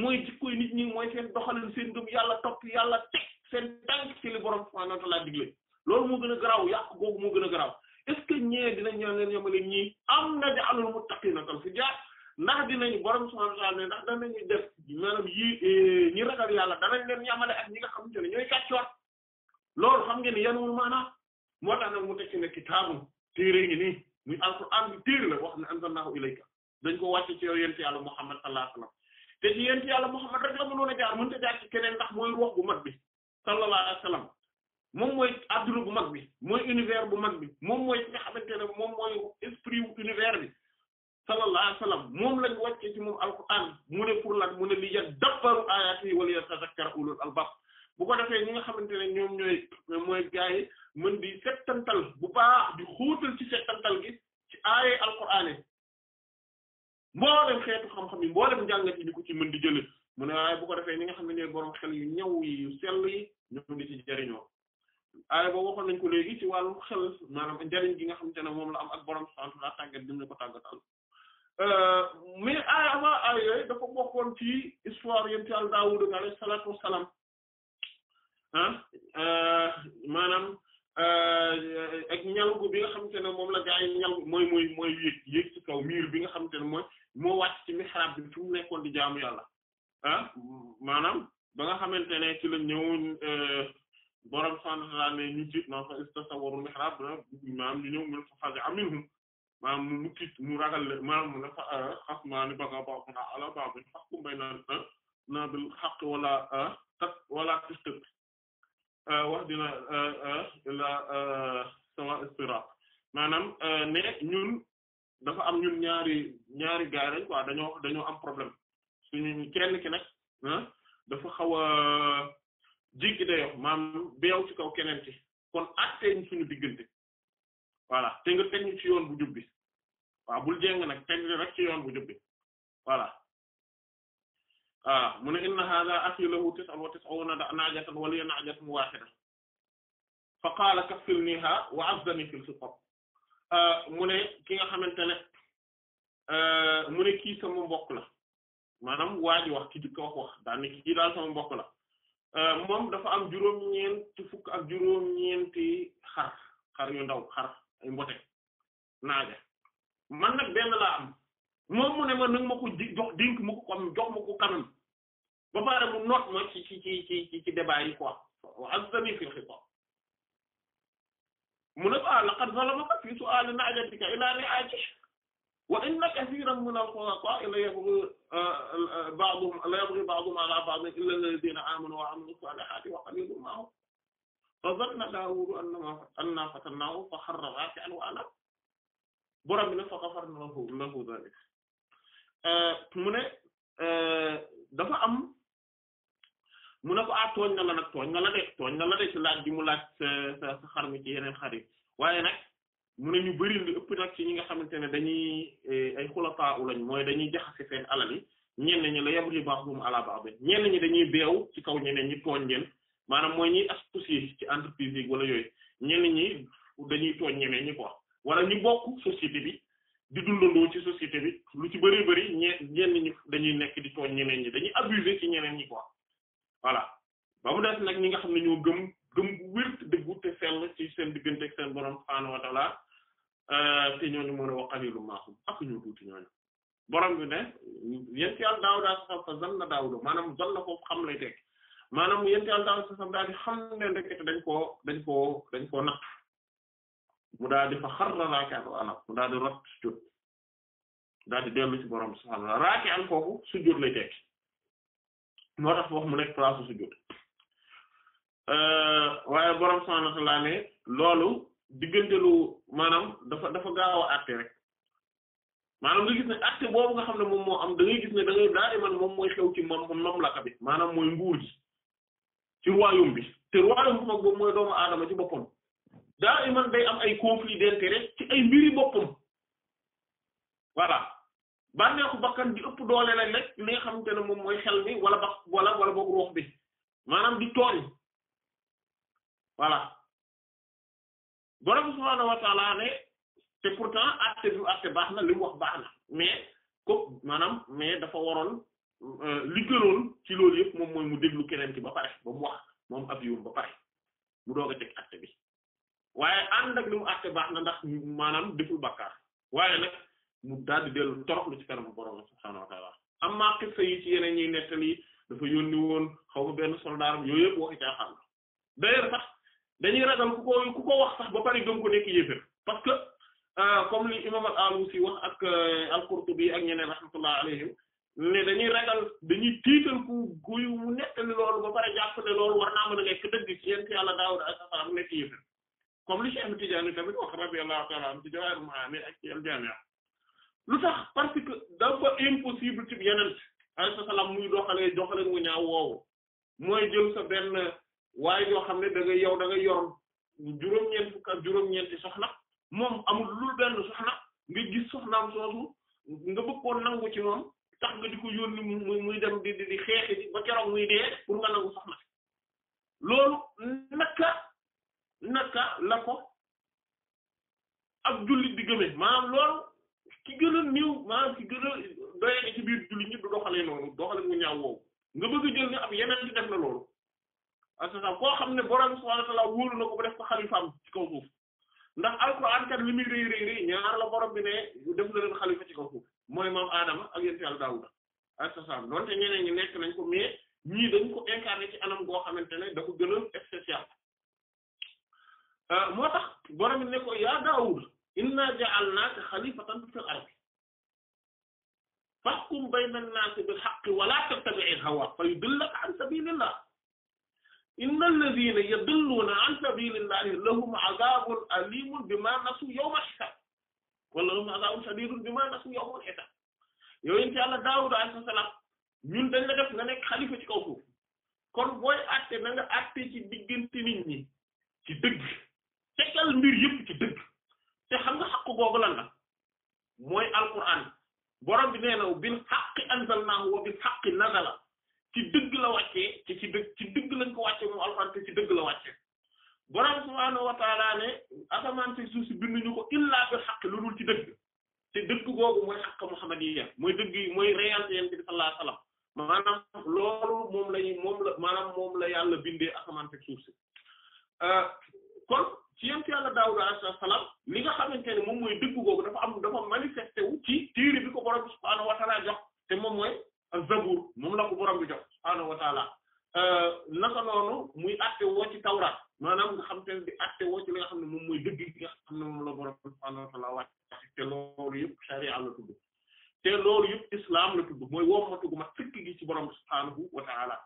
mooy jikko yi nit mooy seen doxalin seen gëm yàlla topp yàlla teg seen tànk ci li borom subhaanahu wa laa digle loolu moo gën a garaaw yàq googu moo gën a garaaw est-ce que ñee dinañ ñoo leen yemale ñii am na mu ja'alul muttaqiina kal fujjaar ndax dinañ borom subhaanahu wa ta'aala ne ndax danañu def maanaam yi eh, ñi ragal yàlla danañ leen yemale ak ñi nga xamante ne ñooy kàccoor loolu xam ngeen ne yanul maanaam moo tax mu teg ci ne kitaabun téere ngi nii muy alquran bi téere la wax ne anzalnahu ilayka dañ ko wàcce ci yow yent yàlla muhammad sallallahu alayhi wasallam te ci yent yàlla muhammad rek la mënoon a jaar mënta jaar ci keneen ndax mooy ruux bu mag bi moom mooy adduna bu mag bi mooy univers bu mag bi moom mooy ki ne moom mooy esprit bu univers bi sallallahu alayhi wasallam moom lañ wàcce ci moom alquran mu ne pour lan mu ne li yadabbaru ayati wa li yatadhakkara ulul bu ko defee ñi nga xamante ne ñoom ñooy mooy gaa yi mën di settantal bu baa di xóotal ci settantal gi ci aaye alquran yi mboolem xeetu xam-xam yi mboolem njàngat yi di ko ci mën di jëlee mu ne waaye bu ko defee ñi nga xam ne ñooy borom xel yu ñaw yi yu sell yi ñoom di ci jariñoo aaye boobu waxoon nañ ko léegi ci wàllum xel maanaam njariñ gi nga xamante ne moom la am ak borom sant la tàggat bi mu ne ko tàggatal euh, mais aaye avant aaye yooyu dafa bokkoon ci histoire yonent Yàlla Daawuda alayhi salaatu wassalaam ah maanaam ak ñalgu bi nga xamante ne moom la gaa yi ñalgu mooy mooy mooy yéeg yéeg ci kaw miir bi nga xamante ne mooy moo wàcc ci mihrab bi fi mu nekkoon di jaamu yàlla ah maanaam ba nga xamante ne ci la ñëwoon borom sant daal ne ñu jiit non fa istasawaru mihrab maanaam ñu ñëw mën fa fage aminhum maanaam mu mu tiit mu ragal leen maanaam mu ne fa xas maa ni bëgg a baax ala baax bi xas ku mbay naa naa bil xaq wala tas wala tas wax dina la sama istiraaq maanaam ne ñun dafa am ñun ñaari ñaari gaay lañ dañoo dañoo am problème suñu kenn ki nag ah, dafa xaw a jéggi dayoo maam beew ci kaw keneen ci kon àttee ñu suñu diggante voilà te nga teg ñu yoon bu jub bi waaw bul jéng nag teg rek ci yoon bu jub bi ah mu ne inna a akhi lahu tis'un wa tis'una na'jatan wa liya na'jatun wahida fa qaala kaffilniha wa 'azzani fil khitab ah, mu ne ki nga xamante ne ah, mu ne kii sama mbokk la maanaam waa ji wax ki di wax wax daan ne kii daal sama mbokk la ah, moom dafa am juróom-ñeenti fukk ak juróom-ñeenti xar xar yu ndaw xar ay mbote naaja man nag benn laa am mom mu ne ma nag mako jox dénk mako kon jox mako kanam ba bare mu noot ma ci ci ci ci ci débat yi quoi wa azami fil khita mu ne ko ah laqad zalamaka fi su'aali na'jatika ila ri'aatika wa inna kathiran min al-khulataa ila yabghi ba'dhum la yabghi ba'dhum ala ba'd illa alladhina amanu wa 'amilu s-saalihaati wa qaliilun ma hum fa zanna Daawuudu annaa fatannaahu fa kharra raaki'an wa anaam borom bi ne fa ghafarnaa lahu dhaalika Euh, mu ne euh, dafa am mu ne ko ah tooñ na la nag tooñ na la de tooñ na la de ci laaj bi mu laaj sa sa xar mi ci yeneen xarit waaye nag mu ne ñu bari li ëpp nag ci ñi nga xamante ne dañuy eh, ay xulafaa u lañ mooy dañuy jaxase seen alal yi ñenn ñi la yabri ba'dhum ala ba'd ñenn ñi dañuy beew ci kaw ñeneen ñi tooñ leen maanaam mooy ñiy associé ci entreprise yi wala yooyu ñenn ñi dañuy tooñ ñeneen ñi quoi wala ñu bokk société bi. di dundandoo ci société bi lu ci bëree bëri ñe ñenn ñi dañuy nekk di tooñ ñeneen ñi dañuy abuser ci ñeneen ñi quoi voilà ba mu des nag ñi nga xam ne ñoo gëm gëm bu wér dëggu te sell ci seen diggante ak seen borom subhaanahu wa taala euh, te ñooñu a wax ñoo tuuti bi ne yent yàlla daaw daa sa fa zan na daaw maanaam ko di xam ne ndekete dañ koo dañ koo dañ koo natt mu daal di fa xarra raki'an wa anab mu daal di rot sujjóot ci borom subhaanahu wa mu nekk place sujjóot euh, waaye borom subhaanahu wa loolu diggantelu maanaam dafa dafa gaaw a rek maanaam nga gis ne àtte boobu nga xam ne moom moo am da gis ne da daal di man moom mooy xew ci moom moom la bi maanaam mooy nguur gi ci royaume bi te royaume bi mooy doomu aadama ci boppam. daa iman day am ay conflit d'intérêt ci ay mbiri boppam voilà bànneexu bakkan di ëpp doole la rek li nga xamante ne moom mooy xel mi wala bax wala wala boog bi maanaam di tooñ voilà borom subhaanahu wa ta'ala ne te pourtant acte bi acte baax na li mu wax baax na mais ko maanaam mais dafa waroon euh, li gënoon ci loolu yëpp moom mooy mu déglu keneen ci ba pare ba mu wax moom ab yoon ba pare mu doog a teg acte bi waaye ànd ak li mu àtte baax na ndax maanaam deful bakkaar waaye nag mu daal di dellu toroxlu ci kanam borom subhaanahu wa ta'aala amma qissa yi ci yeneen ñuy nettali dafa yónni woon xaw ma benn soldaar yooyu yëpp waxi caaxaan la d'ailleurs sax dañuy ragal ku ko ku ko wax sax ba pare gëm ko nekk yéefér parce que euh, comme li imam al-Alusi wax ak euh, al-Qurtubi ak ñeneen rahmatullah alayhim ne dañuy ragal dañuy tiital ku guy mu nettali loolu ba pare jàpp ne loolu war naa mën yàlla Daawuda comme li Cheikh Ahmed Tidiane tamit wax radiyallahu ta'ala anhu ci Jawahirul Ma'ani ak ci al lu tax parce que dafa impossible ci yeneen alayhi salaam muy doxalee doxalee mu ñaaw woowu mooy jël sa benn waaye yoo xam ne da yow da ngay yor juróom-ñeent fukk ak soxna moom am lu benn soxna nga gis soxnaam soosu nga bëgg koo nangu ci moom tax nga di ko yónni muy muy dem di di xeexi ba keroog muy dee pour nga nangu soxna loolu naka. naka la ko ab jullit di gëmee maanaam loolu ki gën a néew ki gën a ci biir jullit ñi du doxalee noonu doxale mu ñaaw woowu nga bëgg a jël ne ab yeneen di def na loolu parce que koo xam ne borom subhaanahu wa ta'aala wóolu na ko ba def ko xalifaam ci kaw suuf ndax alxuraan kat li muy rëy rëy ñaar la borom bi ne def na leen xalifa ci kaw suuf mooy maam Adama ak yéen yàlla Daawuda ak sa saam donte ñeneen nekk nañ ko mais ñii dañ ko incarné ci anam goo xamante ne dafa gën a motax borom ne ko ya Daawuud inna ja'alnaaka khalifatan fil ard fahkum bayna an nas bil haqq wa laa tattabi'il hawaa fa yudillaka an sabiilillah inna alladhiina yadilluuna an sabiilillahi lahum 'adabun 'adhaabun bima nasu yawm al-hisab wa lahum 'adhaabun bima nasu yawm al-hisab yow incha allah Daawuud alayhi salam ñun dañ la def nga nekk xalifa ci kaw suuf kon boy àtte na nga àtte ci digënté nit ñi ci dëgg. tegal mbir yëpp ci dëgg te xam nga xaq googu lan la mooy alquran borom bi nee na bil xaqi anzalnaahu wa bil xaqi nazala ci dëgg la wàccee ci ci dëgg ci dëgg lañ ko wàccee moom alquran te ci dëgg la wàccee borom subhaanahu wa taala ne asamaan si suuf si binduñu ko illaa bil xaqi lu dul ci dëgg te dëgg googu mooy xaq muhammadiyya mooy dëgg yi mooy réalité yeen bi sallallahu maanaam loolu moom lañu moom la moom la yàlla bindee asamaan si suuf si euh, kon ci yent la daawud alayhi salaam li nga xamante ne moom mooy dëggu googu dafa am dafa manifesté ci téere bi ko borom bi subhaanahu jox te moom mooy zabuur moom la ko borom bi jox subhaanahu wa taala euh, naka noonu muy àtte woo ci tawraat maanaam nga xam te ne di àtte woo ci li nga xam ne moom mooy dëgg gi nga xam ne moom la borom bi subhaanahu wa taala te loolu yëpp sharia la tudd te loolu yëpp islam la tudd mooy wommatu gu ma sëkk gi ci borom bi subhaanahu wa taala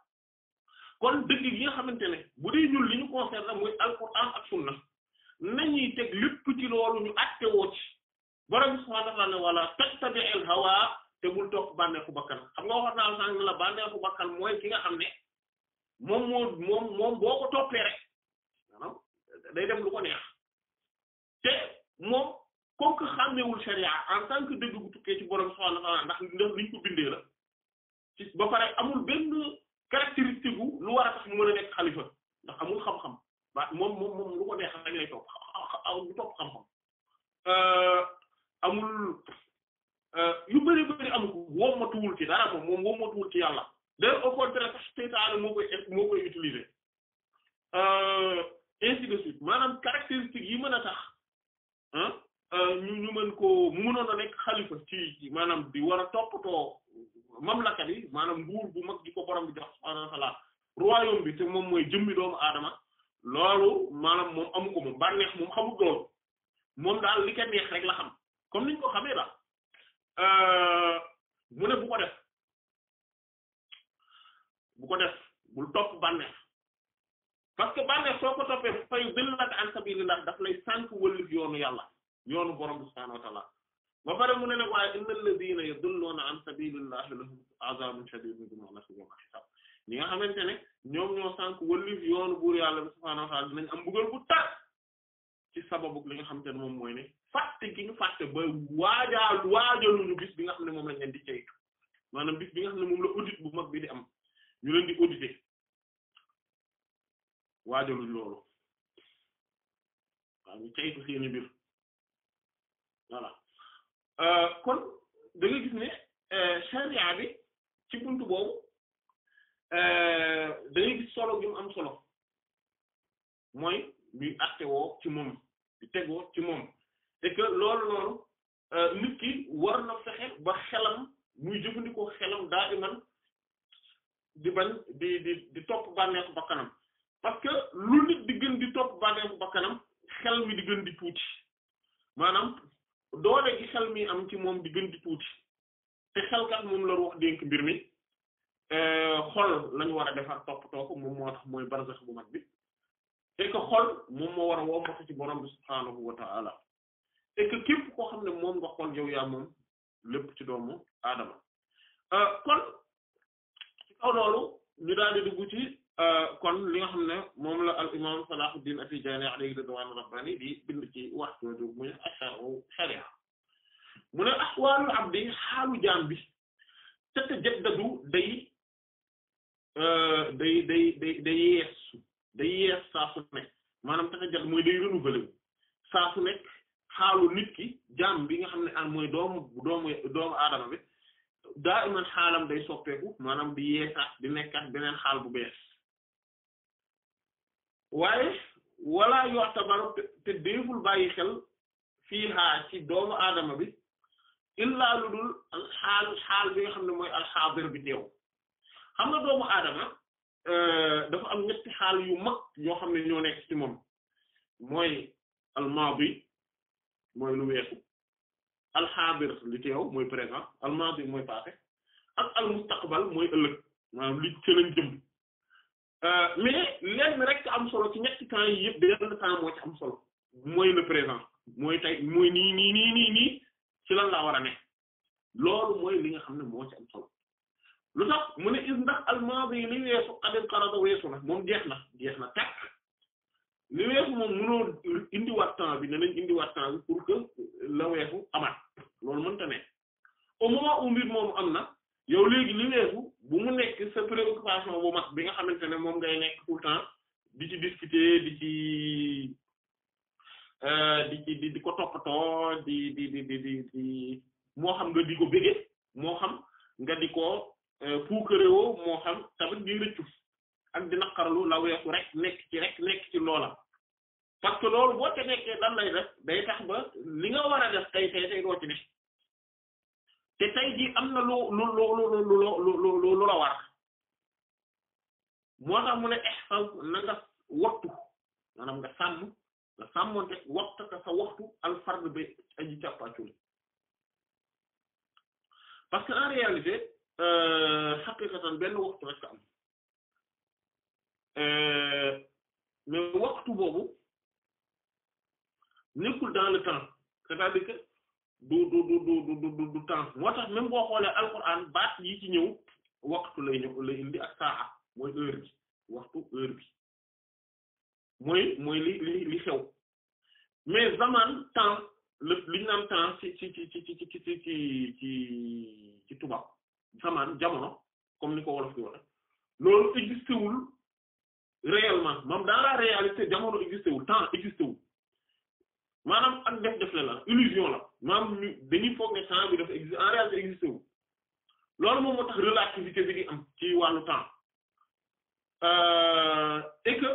kon dëgg gi nga xamante ne bu dee ñun li ñu concerné mooy alquran ak nañuy teg lépp ci loolu ñu atte woo ci borom subhaanahu wa ta'aala wala tattabi'il hawa te bul topp bànneexu bakkan xam nga waxoon naa sànq la bànneexu bakkan mooy ki nga xam ne moom moom moom boo ko toppee rek day dem lu ko neex te moom comme que xàmmewul sharia en tant que dëgg bu tukkee ci borom subhaanahu wa ndax ndax liñ ko bindee la ba pare amul benn caractéristique lu war a tax mën a nekk xalifa ndax amul xam-xam. ba moom moom moom lu ko neex rek lay topp xam-xam euh, amul euh, yu bëri bëri amul wommatuwul ci dara moom moom wommatuwul ci yàlla de au contraire sax seytaane moo koy moo koy utiliser euh, ainsi de suite maanaam caractéristiques yi mën a tax ñu ñu mën ko mu mënoon a nekk xalifa ci maanaam di war a toppatoo mamlakat yi maanaam nguur bu mag di ko borom bi jox subhaanahu royaume bi te moom mooy jëmmi doomu aadama loolu maanaam moom amu ko moom bànneex moom xamul loolu moom daal li ko neex rek la xam comme niñ ko xamee daal euh, mu ne bu ko def bu ko def bul topp bànneex parce que bànneex soo ko toppee fa yudillaka an sabilillah daf lay sànk wëllif yoonu yàlla yoonu borom subhaanahu wa ta'ala ba pare mu ne ne waaye innal ladina yadulluna an sabilillahi lahum azabun shadidun bima ñi nga xamante ne ñoom ñoo sànq wëlif yoonu buur yàlla bi subhaanahu wa ta'ala dinañ am mbugal bu tar ci sababu li nga xam ne moom mooy ne fàtte gi ñu fàtte ba waajaal waajaluñu bis bi nga xam ne moom lañ leen di ceytu maanaam bis bi nga xam ne moom la audit bu mag bi di am ñu leen di auditer waajaluñ loolu waaw ñu ceytu seeni mbir euh, euh, bi ci buntu boobu Euh, dañuy solo gi mu am solo mooy bi attewoo ci moom di tegoo ci moom et que loolu euh, nit ki war na fexe ba xelam muy jëfandikoo xelam daa iman di ban di di di topp bànneexu bakkanam parce que lu nit di gën di topp bànneexu bakkanam xel mi di gën di tuuti maanaam doole gi xel mi am ci moom di gën di tuuti te xel kat moom la wax dénk mbir mi Euh, xol lañu war a defar toppatoo ko moom moo tax mooy barzax bu mag bi et que xol moom moo war a wommatu ci borom bi subhaanahu wa ta'ala et que képp xam ne moom nga xol yow ci doomu aadama euh, kon ci kaw euh, kon li nga xam ne moom la al imam Salahuddin At-Tidjânî alayhi ridwaan rabbani di bind ci wax mu ne ahwaalul abdi xaalu jaam bi tatajaddadu day Euh, day day day day yeesu day yees saa su nekk maanaam tahajjud mooy day renouveler wu saa su nekk xaalu nit ki bi nga xam ne am ah mooy doomu doomu doomu aadama bi daa iman xaalam day soppeeku maanaam bi yeesaat di nekkaat beneen xaal bu bees waaye wala yu'tabaru te déeful bàyyi xel fii haa ci doomu aadama bi illaa lu dul xaal xaal bi nga xam ne mooy alxaadir bi teew xam nga doomu aadama euh, dafa am ñetti xaal yu mag ñoo xam ne ñoo nekk ci moom mooy bi mooy lu weesu alxaadir li teew mooy présent almaadi mooy passé ak almustaqbal mooy ëllëg maanaam li ci jëm euh, mais lenn rek am solo ci ñetti temps yi yëpp benn temps moo ci am solo mooy le présent mooy tey mooy nii nii nii ci lan laa war a ne loolu mooy li nga xam ne moo ci am solo lu tax mu ne is ndax almaadi yi li weesu xadil xarada weesu na moom jeex na jeex na tàkk li weesu moom mënoo indiwaat temps bi ne nañ indiwaat temps bi pour que la weesu amaat loolu mënta ne au moment où am na yow léegi li weesu mu nekk sa préoccupation bu mag bi nga xamante ne moom ngay nekk tout le temps di ci discuter di ci euh, di ci di ko toppatoo di di di di moo xam nga di ko moo xam nga di ko puukarewoo euh, moo xam tamit di rëccu ak di naqarlu la weesu rek nekk ci rek nekk ci loola parce que boo ca nekkee dan lay def day tax ba li nga war def tey tey doo ci ne te tey jii am na lu lu lu lu lu lu la war moo tax ne ihfaz na nga wattu nga sàmm nga sàmmonte ka sa waxtu al fard bi aji càppaaculi parce que en réalité Euh, xaqiqatan benn waxtu rek am euh, boobu nekkul dans le temps cest du du du du du du temps moo tax même boo xoolee alquran baat yi ci ñëw waxtu lay ñëw lay indi ak saa mooy heure bi waxtu heure bi mooy mooy li li li xew mais zaman temps li ñu naan temps ci ci ci ci ci ci ci ci tubaab. zamaan jamono comme ni ko wolof di waxe loolu existé réellement moom dans la réalité jamono existé wul temps existé maanaam ak def def la la illusion la maanaam ñu dañuy foog ne temps bi dafa existé en réalité existé loolu moom moo tax relativité bi di am ci wàllu temps euh, et que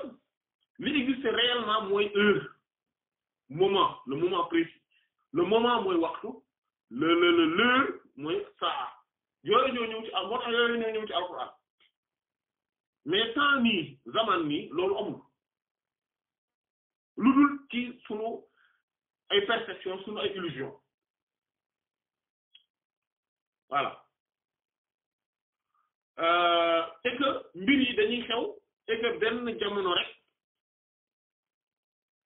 li existé réellement mooy heure moment le moment précis le moment mooy waxtu le le le l'heure mooy saa yooyu ñoo ñëw ci al moo tax yooyu ñoo ñëw ci alquran mais temps nii zaman nii loolu amul lu dul ci sunu ay perception sunu ay illusion voilà euh, et que mbir yi dañuy xew et que benn jamono rek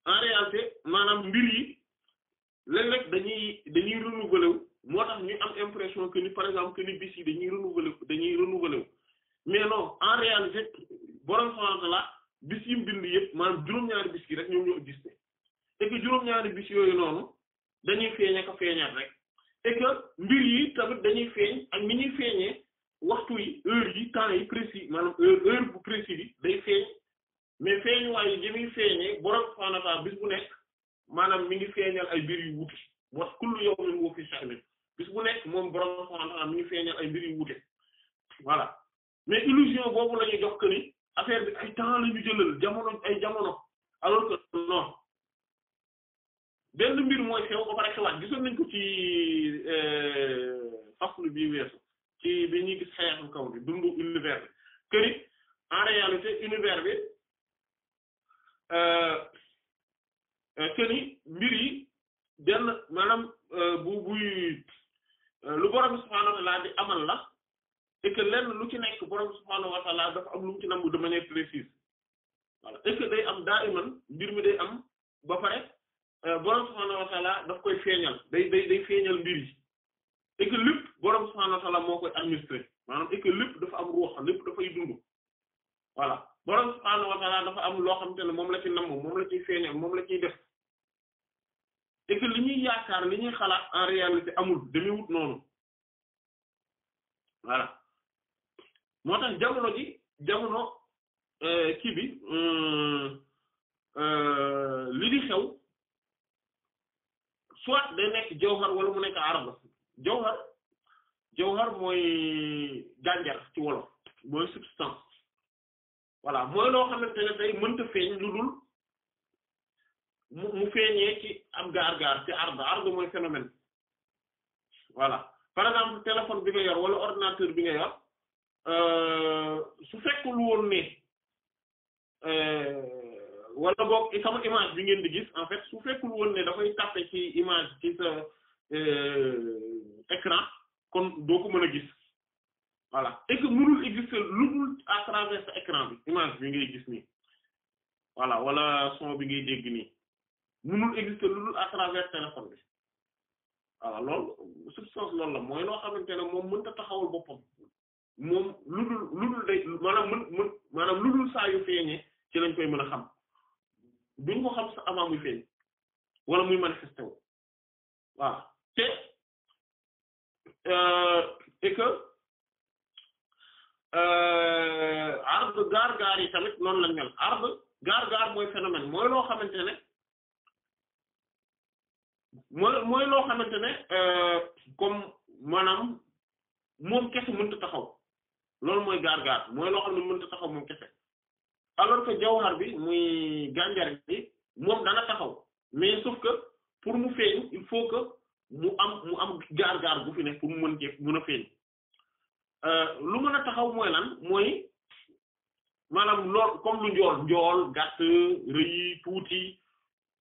en réalité maanaam mbir yi léeg-léeg dañuy dañuy renouveler wu moo tax ñu am impression que ni par exemple que ni bis yi dañuy renouveler dañuy renouveler mais non en réalité borom subhaanahu wa bis yi mu bind yëpp maanaam juróom-ñaari bis yi rek ñoom ñoo existé et que juróom-ñaari bis yooyu noonu dañuy feeñ ak feeñaat rek et mbir yi tamit dañuy feeñ ak ni ñuy feeñee waxtu yi heure yi temps yi précis maanaam heure heure bu précis bi day feeñ mais feeñuwaay yi muy feeñee borom subhaanahu bis bu nekk maanaam mi ngi feeñal ay mbir yu bis bu nek mom borom un voilà mais illusion bobu la jox que ni affaire bi ay temps lañu jëlal jamono ay jamono alors que non benn mbir moy xew ba pare xewaat gisoon nañ ko ci euh, est bi wessu ci qui kaw univers en réalité univers bi euh, euh, Euh, lu borom subhaanahu di amal la et que lenn lu ci nekk borom subhaanahu wa dafa am lu mu ci namm de manière précise day am daa iman mbir mi day am ba pare euh, borom subhaanahu wa koy feeñal day day feeñal mbir yi et lépp borom subhaanahu moo koy administrer maanaam et que lépp dafa am ruux lépp dafay dund voilà borom subhaanahu dafa am loo xam te ne moom la ci namm moom la ciy feeñal moom la ciy def. et que li ñuy yaakaar li ñuy xalaat en réalité amul demewut noonu voilà moo tax jamono ji jamono euh, kii bi euh, euh, li di xew soit day nekk jawhar wala mu nekk arab la jawhar mooy gànjar ci wolof mooy substance voilà mooy loo xamante ne tey mënta feeñ lu dul mu mu feeñee ci am gaar gaar ci ard ard mooy phénomène voilà par exemple téléphone bi nga yor wala ordinateur bi nga yor euh, su fekkul woon ne euh, wala boog sama image bi ngeen di gis en fait su fekkul woon ne dafay tapé ci image ci sa euh, écran kon doo ko mën a gis voilà et que mënul exister lu dul à travers bi image bi ngay gis nii voilà wala son bi ngay dégg nii mënul exister lu dul à travers téléphone bi waaw loolu substance loolu la mooy loo xamante ne moom mënut a taxawal boppam moom lu dul lu dul day maanaam mën mën lu dul saa feeñee ci lañ koy mën a xam duñ ko xam sa feeñ wala muy manifesté wu waaw te euh, et que euh, arbre gaar gaar yi tamit noonu lañ mel arbre gaar gaar mooy phénomène mooy loo xamante ne. mooy mooy loo xamante ne euh, comme maanaam moom kese mënut taxaw loolu mooy gaar-gaar mooy loo xam ne mënut taxaw moom kese alors que jawhar bi muy gànjar bi moom dana taxaw mais sauf que pour mu feeñ il faut que mu am mu am gaar-gaar bu fi nekk pour mu mën cee mën a feeñ euh, lu mën a taxaw mooy lan mooy maanaam lool comme lu njool njool gàtt rëy tuuti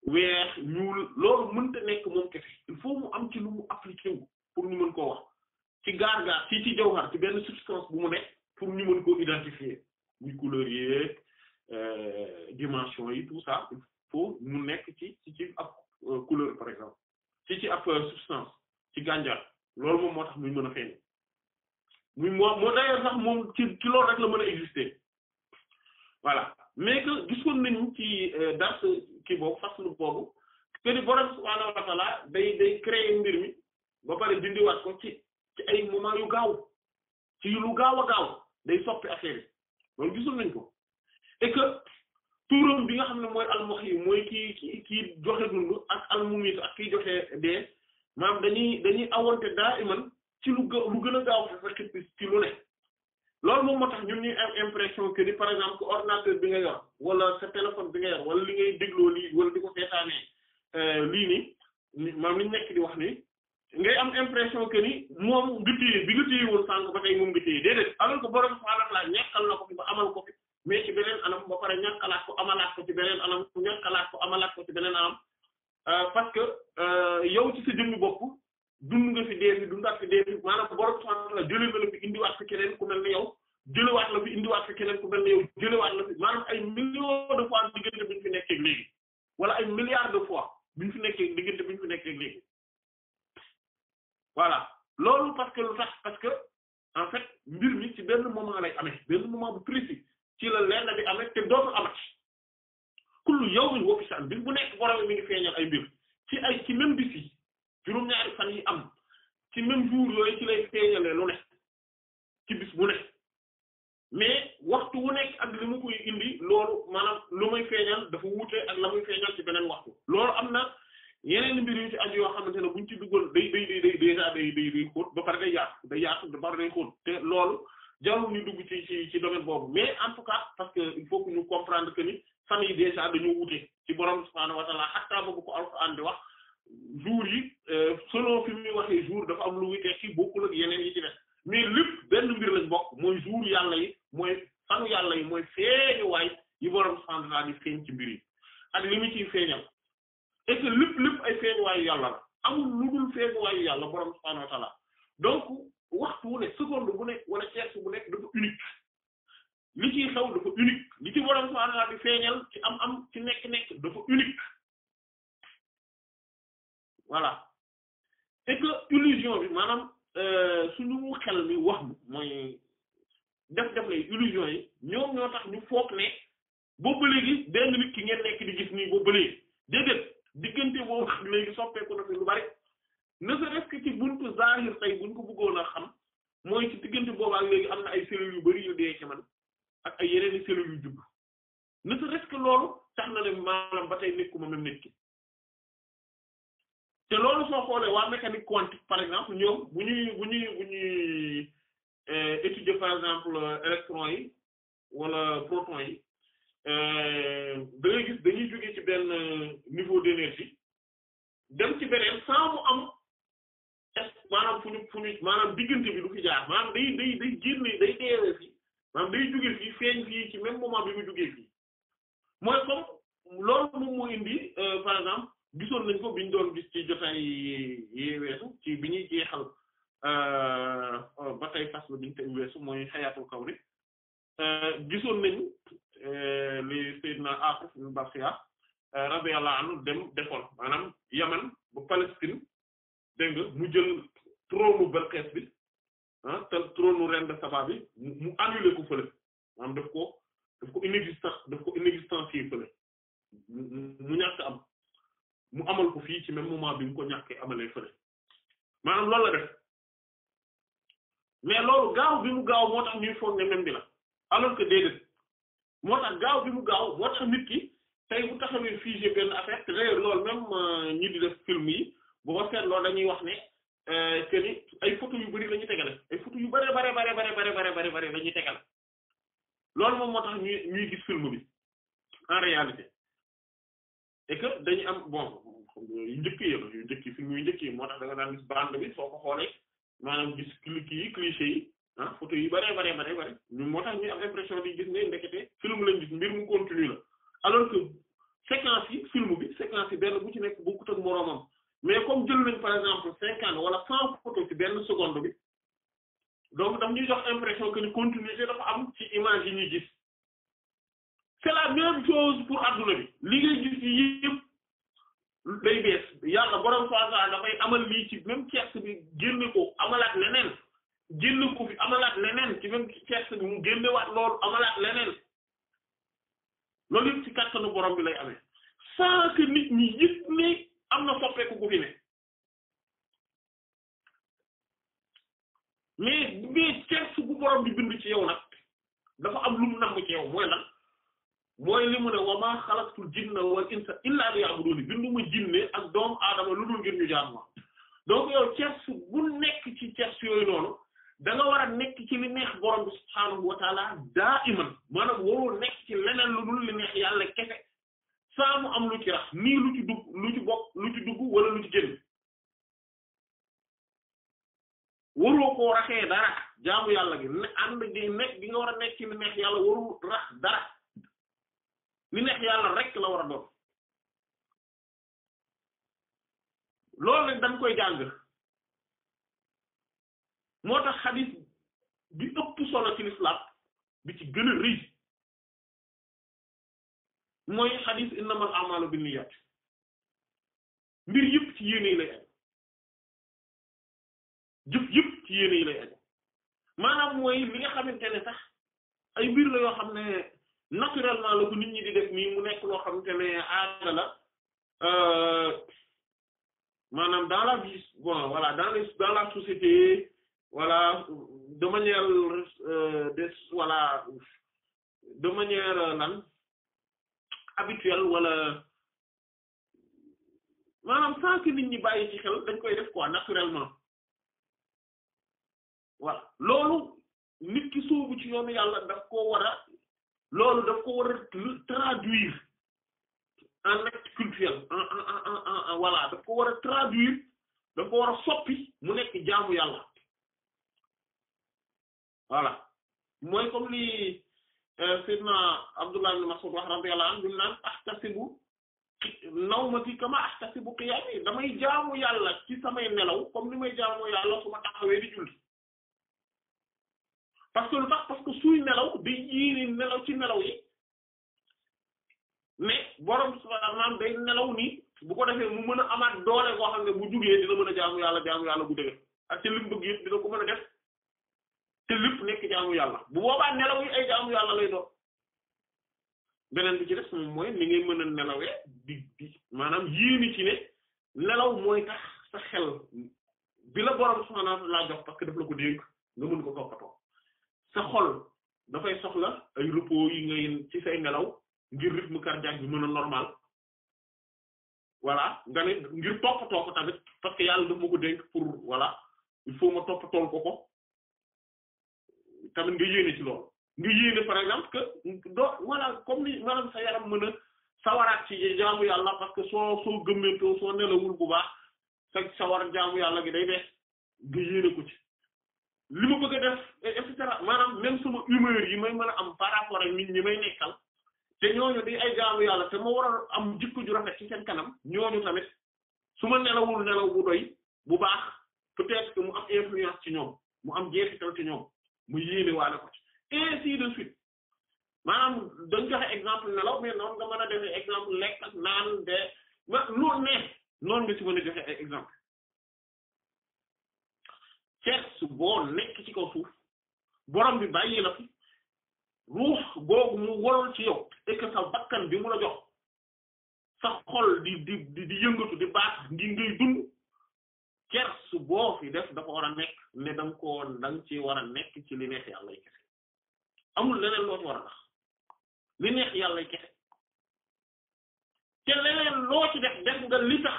weex ñuul loolu mënta nekk moom kese il faut mu am ci lu mu appliqué pour ñu mën koo wax ci gaar gaar ci ci jawhar ci benn substance bu mu nekk pour ñu mën koo identifier muy couleur yeeg euh, dimension yi tout ça il faut mu nekk ci ci ci ab euh, couleur par exemple ci ci ab euh, substance ci gànjar loolu moom moo tax muy mën a feeñ muy moo moo d'ailleurs sax moom ci ci loolu rek la mën a exister voilà mais que gisoon nañu ci dars kii boobu faslu boobu te ni borom subhaanahu wa day day créer mbir mi ba pare dindiwaat ko ci ci ay moment yu gaaw ci lu gaaw a gaaw day soppi affaire yi loolu gisul ko et que bi nga xam ne mooy almuhyi mooy ki kii kii joxe dund ak almumiit ak kii joxe dee maanaam dañuy dañuy awante daa iman ci lu lu gën a gaaw fa xippi ci lu ne loolu moom moo tax ñun ni am impression que ni par exemple ordinateur bi nga yor wala sa téléphone bi nga yor wala li ngay dégloo lii wala di ko seetaanee euh, lii nii maam li ñu nekk di wax ni ngay am impression que moom nga téye bi nga téye woon sànq ba tey moom nga téye déedéet alors que borom subhaanahu wa ta'aala ñàkkal na ko fi ba amal ko fi mais ci beneen anam ba pare ñàkkalaat ko amalaat ko ci beneen anam ñàkkalaat ko amalaat ko ci beneen anam euh, parce que euh, yow ci sa jëmmi dund nga fi dee fi dundaat fi dee fi maanaam borom subhaanahu wa ta'aala jëlee nga la fi indiwaat fi keneen ku mel ne yow jëlewaat la fi indiwaat fi keneen ku mel ne yow jëlewaat la fi maanaam ay millions de fois diggante bi ñu fi nekkee léegi wala ay milliards de fois bi ñu fi nekkee diggante bi fi nekkee léegi voilà loolu parce que lu tax parce que en fait mbir mi ci benn moment lay amee benn moment bu précis ci la leer na di amee te dootul amati kullu yawmin wa fi sha'n bis bu nekk borom mi ngi feeñal mbir ci juróom-ñaari fan yi am ci même jour yooyu ci lay feeñale ne ci bis bu ne mais waxtu wu nekk ak lu mu koy indi loolu maanaam lu muy feeñal dafa wuute ak la muy feeñal ci beneen waxtu loolu am na yeneen mbir yu ci aju yoo xamante ne buñ ci duggoon day day day day déjà day day day xóot ba pare day yaatu day yaatu ba pare day xóot te loolu jarul ñu dugg ci ci ci domaine boobu mais en tout cas parce que il faut que ñu comprendre que ni fan yi déjà dañoo wuute ci borom subhaanahu wa ko alxuraan jour yi euh, solo fi muy waxee jour dafa am lu muy tekki bokkul ak yeneen yi ci nekk mais lépp benn mbir lañ bokk mooy jour yàlla yi mooy fanu yàlla yi mooy feeñuwaay yi borom sant naa di feeñ ci mu ciy feeñal et que lépp lépp ay feeñuwaayu yàlla la amul lu dul feeñuwaayu yàlla borom subhaanahu wa ta'aala donc waxtu wu ne seconde bu nekk wala tierce bu nekk dafa unique li ciy xew dafa unique li ci borom subhaanahu wa di feeñal ci am am ci nekk-nekk dafa unique. voilà c'est que illusion bi maanaam euh, suñu xel ni wax mu mooy def-def lay illusion yi ñoom ñoo tax ñu foog ne boobu léegi benn nit ki ngeen nekk di gis nii boobu léegi déedéet diggante boobu xam léegi soppeeku na fi lu bari ne serait-ce que ci buntu zahir tey buñ ko bëggoon a xam mooy ci diggante boobu ak léegi am na ay cellules yu bari yu dee ci man ak ay yeneen i cellules yu jub ne serait-ce que loolu tax na ne maanaam ba tey nekkuma même nit te loolu soo xoolee waa mécanique quantique par exemple ñoom bu ñuy bu ñuy bu ñuy euh, étudier par exemple électrons yi wala protons yi euh, da gis dañuy jógee ci benn niveau d'énergie dem ci beneen sans am maanaam fu ñu fu ñu maanaam diggante bi du fi jaar maanaam day day day génne day deewee fii maanaam day jógee fii feeñ fii ci même moment bi mu jógee fii mooy comme loolu moom moo indi euh, par exemple gisoon nañ ko biñ doon gis ci jotaay yi weesu ci bi ñuy jeexal euh, ba biñ te weesu mooy xayaatul kawni euh, gisoon nañu euh, li Seydina Aasif ibn Barxiya radiyallahu anhu dem defoon maanaam Yaman ba Palestine dégg mu jël trône Balqis bi ah te trône reine de bi mu annulé ko fële maanaam daf ko daf ko daf ko inexistant fii fële mu ñàkk am mu amal ko fii ci même moment bi mu ko ñàkkee amalee fële maanaam loolu la def mais loolu gaaw bi mu gaaw moo tax ñuy foog ne même bi la alors que déedéet moo tax gaaw bi mu gaaw moo tax nit ki tey bu taxawee figé benn affaire te d'ailleurs loolu euh, wax ne euh, que ni ay photo yu bari la ñuy tegale ay yu bari bari bari bari bari bari bari bari la ñuy tegale loolu moom moo tax ñuy ñuy gis film bi en réalité et que dañu am bon yu njëkk yi film yu njëkk yi moo tax da nga daan gis bande bi soo ko xoolee maanaam gis clique yi cliché yi ah photo yi baree baree baree bare ñu moo tax ñuy am impression di gis ne ndekete film lañ gis mbir mu continue la alors que séquence yi film bi séquence yi benn bu ci nekk bokkut ak moroomam mais comme jël nañ par exemple cinquante wala cent photos ci benn seconde bi donc daf ñuy jox impression que ni continuité dafa am ci image c'est la même chose pour adduna bi li ngay gis yi yëpp bees yàlla borom faasa dafay amal lii ci même kees bi génne ko amalaat leneen génne ko fi amalaat leneen ci même kees bi mu génnewaat loolu amalaat leneen loolu yëpp ci kattanu borom bi lay amee sans que nit ñi yëpp ne am na bu borom bi bind ci nag dafa am lu mu namm ci yow mooy lan. mooy li mu ne wa maa xalaqtul jinna wal insa illaa liya'budun binduma jinne ak doom aadama lu dul ngir ñu jaam ma donc yow ceebs bu nekk ci ceebs yooyu noonu da nga war a nekk ci li neex borom bi subhaanahu wa taala daa'iman maanaam waroo nekk ci leneen lu dul li neex yàlla kese saa mu am lu ci rax nii lu ci dugg lu ci bokk lu ci dugg wala lu ci génn waroo koo raxee dara jaamu yàlla gi ne gi nekk gi nga war a nekk ci li neex yàlla warul rax dara. li neex yàlla rek la war a doon loolu nag dañ koy jàng moo tax xadis bi ëpp solo ci lislaam bi ci gën a rëy mooy xadis innamal a'malu binniyat mbir yëpp ci yéene yi lay aju jëf yëpp ci yéene yi lay aju maanaam mooy li nga xamante ne sax ay mbir la yoo xam ne naturellement la ko nit ñi di def mi mu nekk lo xamante ne aada la euh, manam dans la vie bon voilà dans les dans la société voilà de manière euh des voilà de manière nan euh, habituelle wala manam sans que nit ñi bayyi ci xel dañ koy def quoi naturellement voilà lolu nit ki sóobu ci yoonu yalla daf ko wara loolu daf ko war a traduire en acte culturel en en en en voilà daf ko war a traduire a soppi mu nekk jaamu yàlla voilà mooy comme ni euh, Seydina Abdullah ibn Mas'ud wax radiyallahu anhu naan ahtasibu nawmati kama ahtasibu qiyaami damay jaamu yàlla ci samay nelaw comme ni may jaamu yàlla su taxawee di julli parce que lu tax parce que suy nelaw day yéene nelaw ci nelaw yi mais borom subhaanahu maanaam bu ko defee mu mën a amaat doole koo xam ne mën a jaamu yàlla jaamu yàlla bu dëgg ak ci li mu ko mën a def te yàlla bu bi ci mooy ni ngay mën a nelawee di di maanaam ci ne mooy tax sa la borom subhaanahu wa jox parce que daf la ko dénk nga mën ko toppatoo. sa xol dafay soxla ay repos yi ngay ci say nelaw ngir rythme cardiaque bi mën a normal voilà nga ne ngir toppatoo ko tamit parce que yàlla daf ma ko dénk pour voilà il faut ma toppatoo ko ko tamit nga yéene ci loolu nga yéene par exemple que do voilà comme ni maanaam sa yaram mën a sawaraat ci jaamu yàlla parce que soo soo gëmmentoo soo nelawul bu baax sa sawar jaamu yàlla gi day dee nga yéene ko li ma bëgg def et cetera maanaam même sama humeur yi may mën a am par rapport ak nit ñi may nekkal te ñooñu di ay jaamu yàlla te ma war a am jikko ju rafet ci seen kanam ñooñu tamit su ma nelawul nelaw bu doy bu baax peut-être que mu am influence ci ñoom mu am jeexital ci ñoom mu yéene waale ko ci de suite maanaam dañ joxe exemple nelaw mais noonu nga mën a defee exemple lekk ak naan de ma loo neex noonu nga ci mën joxe ay exemple ceex boo nekk ci kaw suuf borom bi bàyyi la fi ruux googu mu wol ci yow et sa bakkan bi mu la jox sa xol di di di yëngatu di baax ngi ngay dund ceex boo fi def dafa war a nekk ne da ko da nga ci war a nekk ci li neex yàlla kese amul leneen loo ci war a tax li neex yàlla kese te leneen loo ci def def nga li tax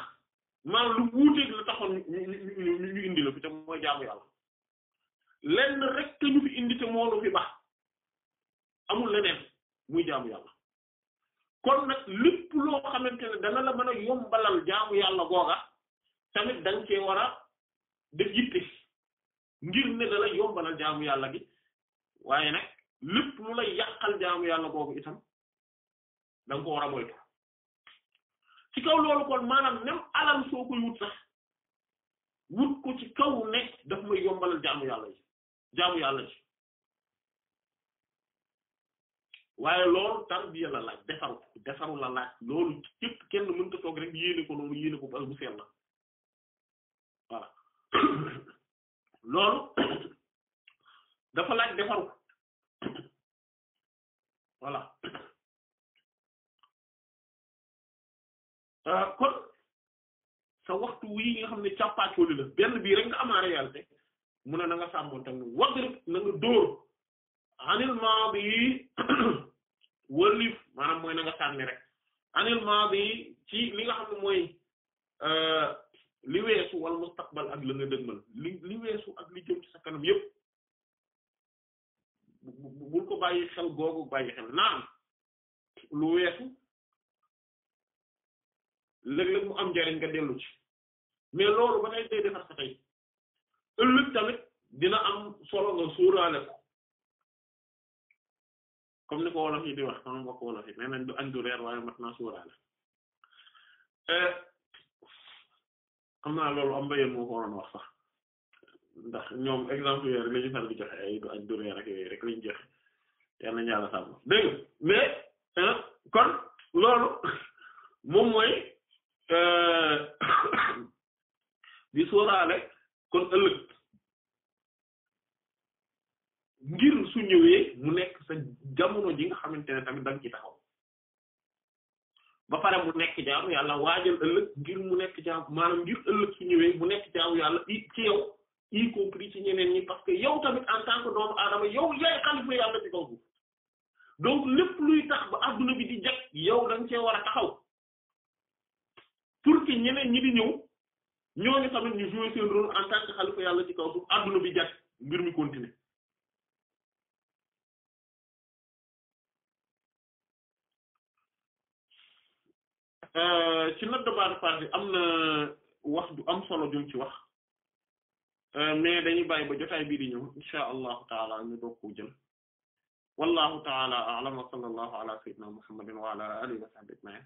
maanaam lu wuuteeg la taxoon ñu ñu indi la fi te mooy jaamu yàlla lenn leneen muy jaamu yàlla kon nag lépp loo xamante ne dana la mën a yombalal jaamu yàlla googa tamit da nga cee war a def yitte ngir ne dala yombalal jaamu yàlla gi waaye nag lépp lu la yàqal jaamu yàlla googu itam da ko war moytu. ci kaw loolu kon maanaam même alal soo koy wut sax wut ko ci kaw ne daf may yombalal jaamu yàlla ji jaamu yàlla ji waaye loolu tarbiya la laaj defaru defaru la laaj loolu képp kenn mënta toog rek yéene ko loolu yéene ko ba bu seen loolu dafa laaj defaru voilà Euh, kon sa waxtu wii nga xam ne càppaacoli la benn bii rek nga am en réalité mu ne na nga sàmmoon tam wadrib na nga dóor anil maadi wëlif maanaam mooy na nga sànni rek anil maadi ci li nga xam ne mooy euh, li weesu wal mustaqbal ak la dëgmal li li weesu ak li jëm ci sa kanam yépp bul ko bàyyi xel googu bàyyi xel naam lu weesu léeg-léeg mu am njariñ nga dellu ci mais loolu ba tey day defar sa tey ëllëg tamit dina am solo nga suuraale ko ni ko di wax sama mbokk wolof yi nee nañ du añ eh, xam naa loolu am mbayeen moo ko wax sax ndax ñoom exemple yooyu rek la ñu du añ du reer ak yooyu rek lañu joxe eh, kon loolu moom mooy Euh, di sóoraale kon ëllëg ngir su ñëwee mu nekk sa jamono ji nga xamante ne tamit danga ci taxaw ba pare mu nekk jaamu yàlla waajal ëllëg ngir mu nekk jaamu maanaam ngir ëllëg su ñëwee mu nekk jaamu yàlla ci yow y compris ci ñeneen ñi parce que yow tamit en tant que aadama yow yaay xalifa yàlla ci kaw donc lépp luy tax ba adduna bi di jag yow da cee war a taxaw que ñeneen ñi di ñëw ñooñu ñu jouer seen rôle en tant que xalifa yàlla bi jàkk mbir mi continuer euh, ci note de bas de am na wax du am solo jum ci wax euh, mais dañuy bàyyi ba jotaay bii di ñëw insha allahu taala ñu doog ko jël wallahu taala a'lam wa sallallahu ala sayyidina muhammadin wa ala alihi wa sahbihi ajma'in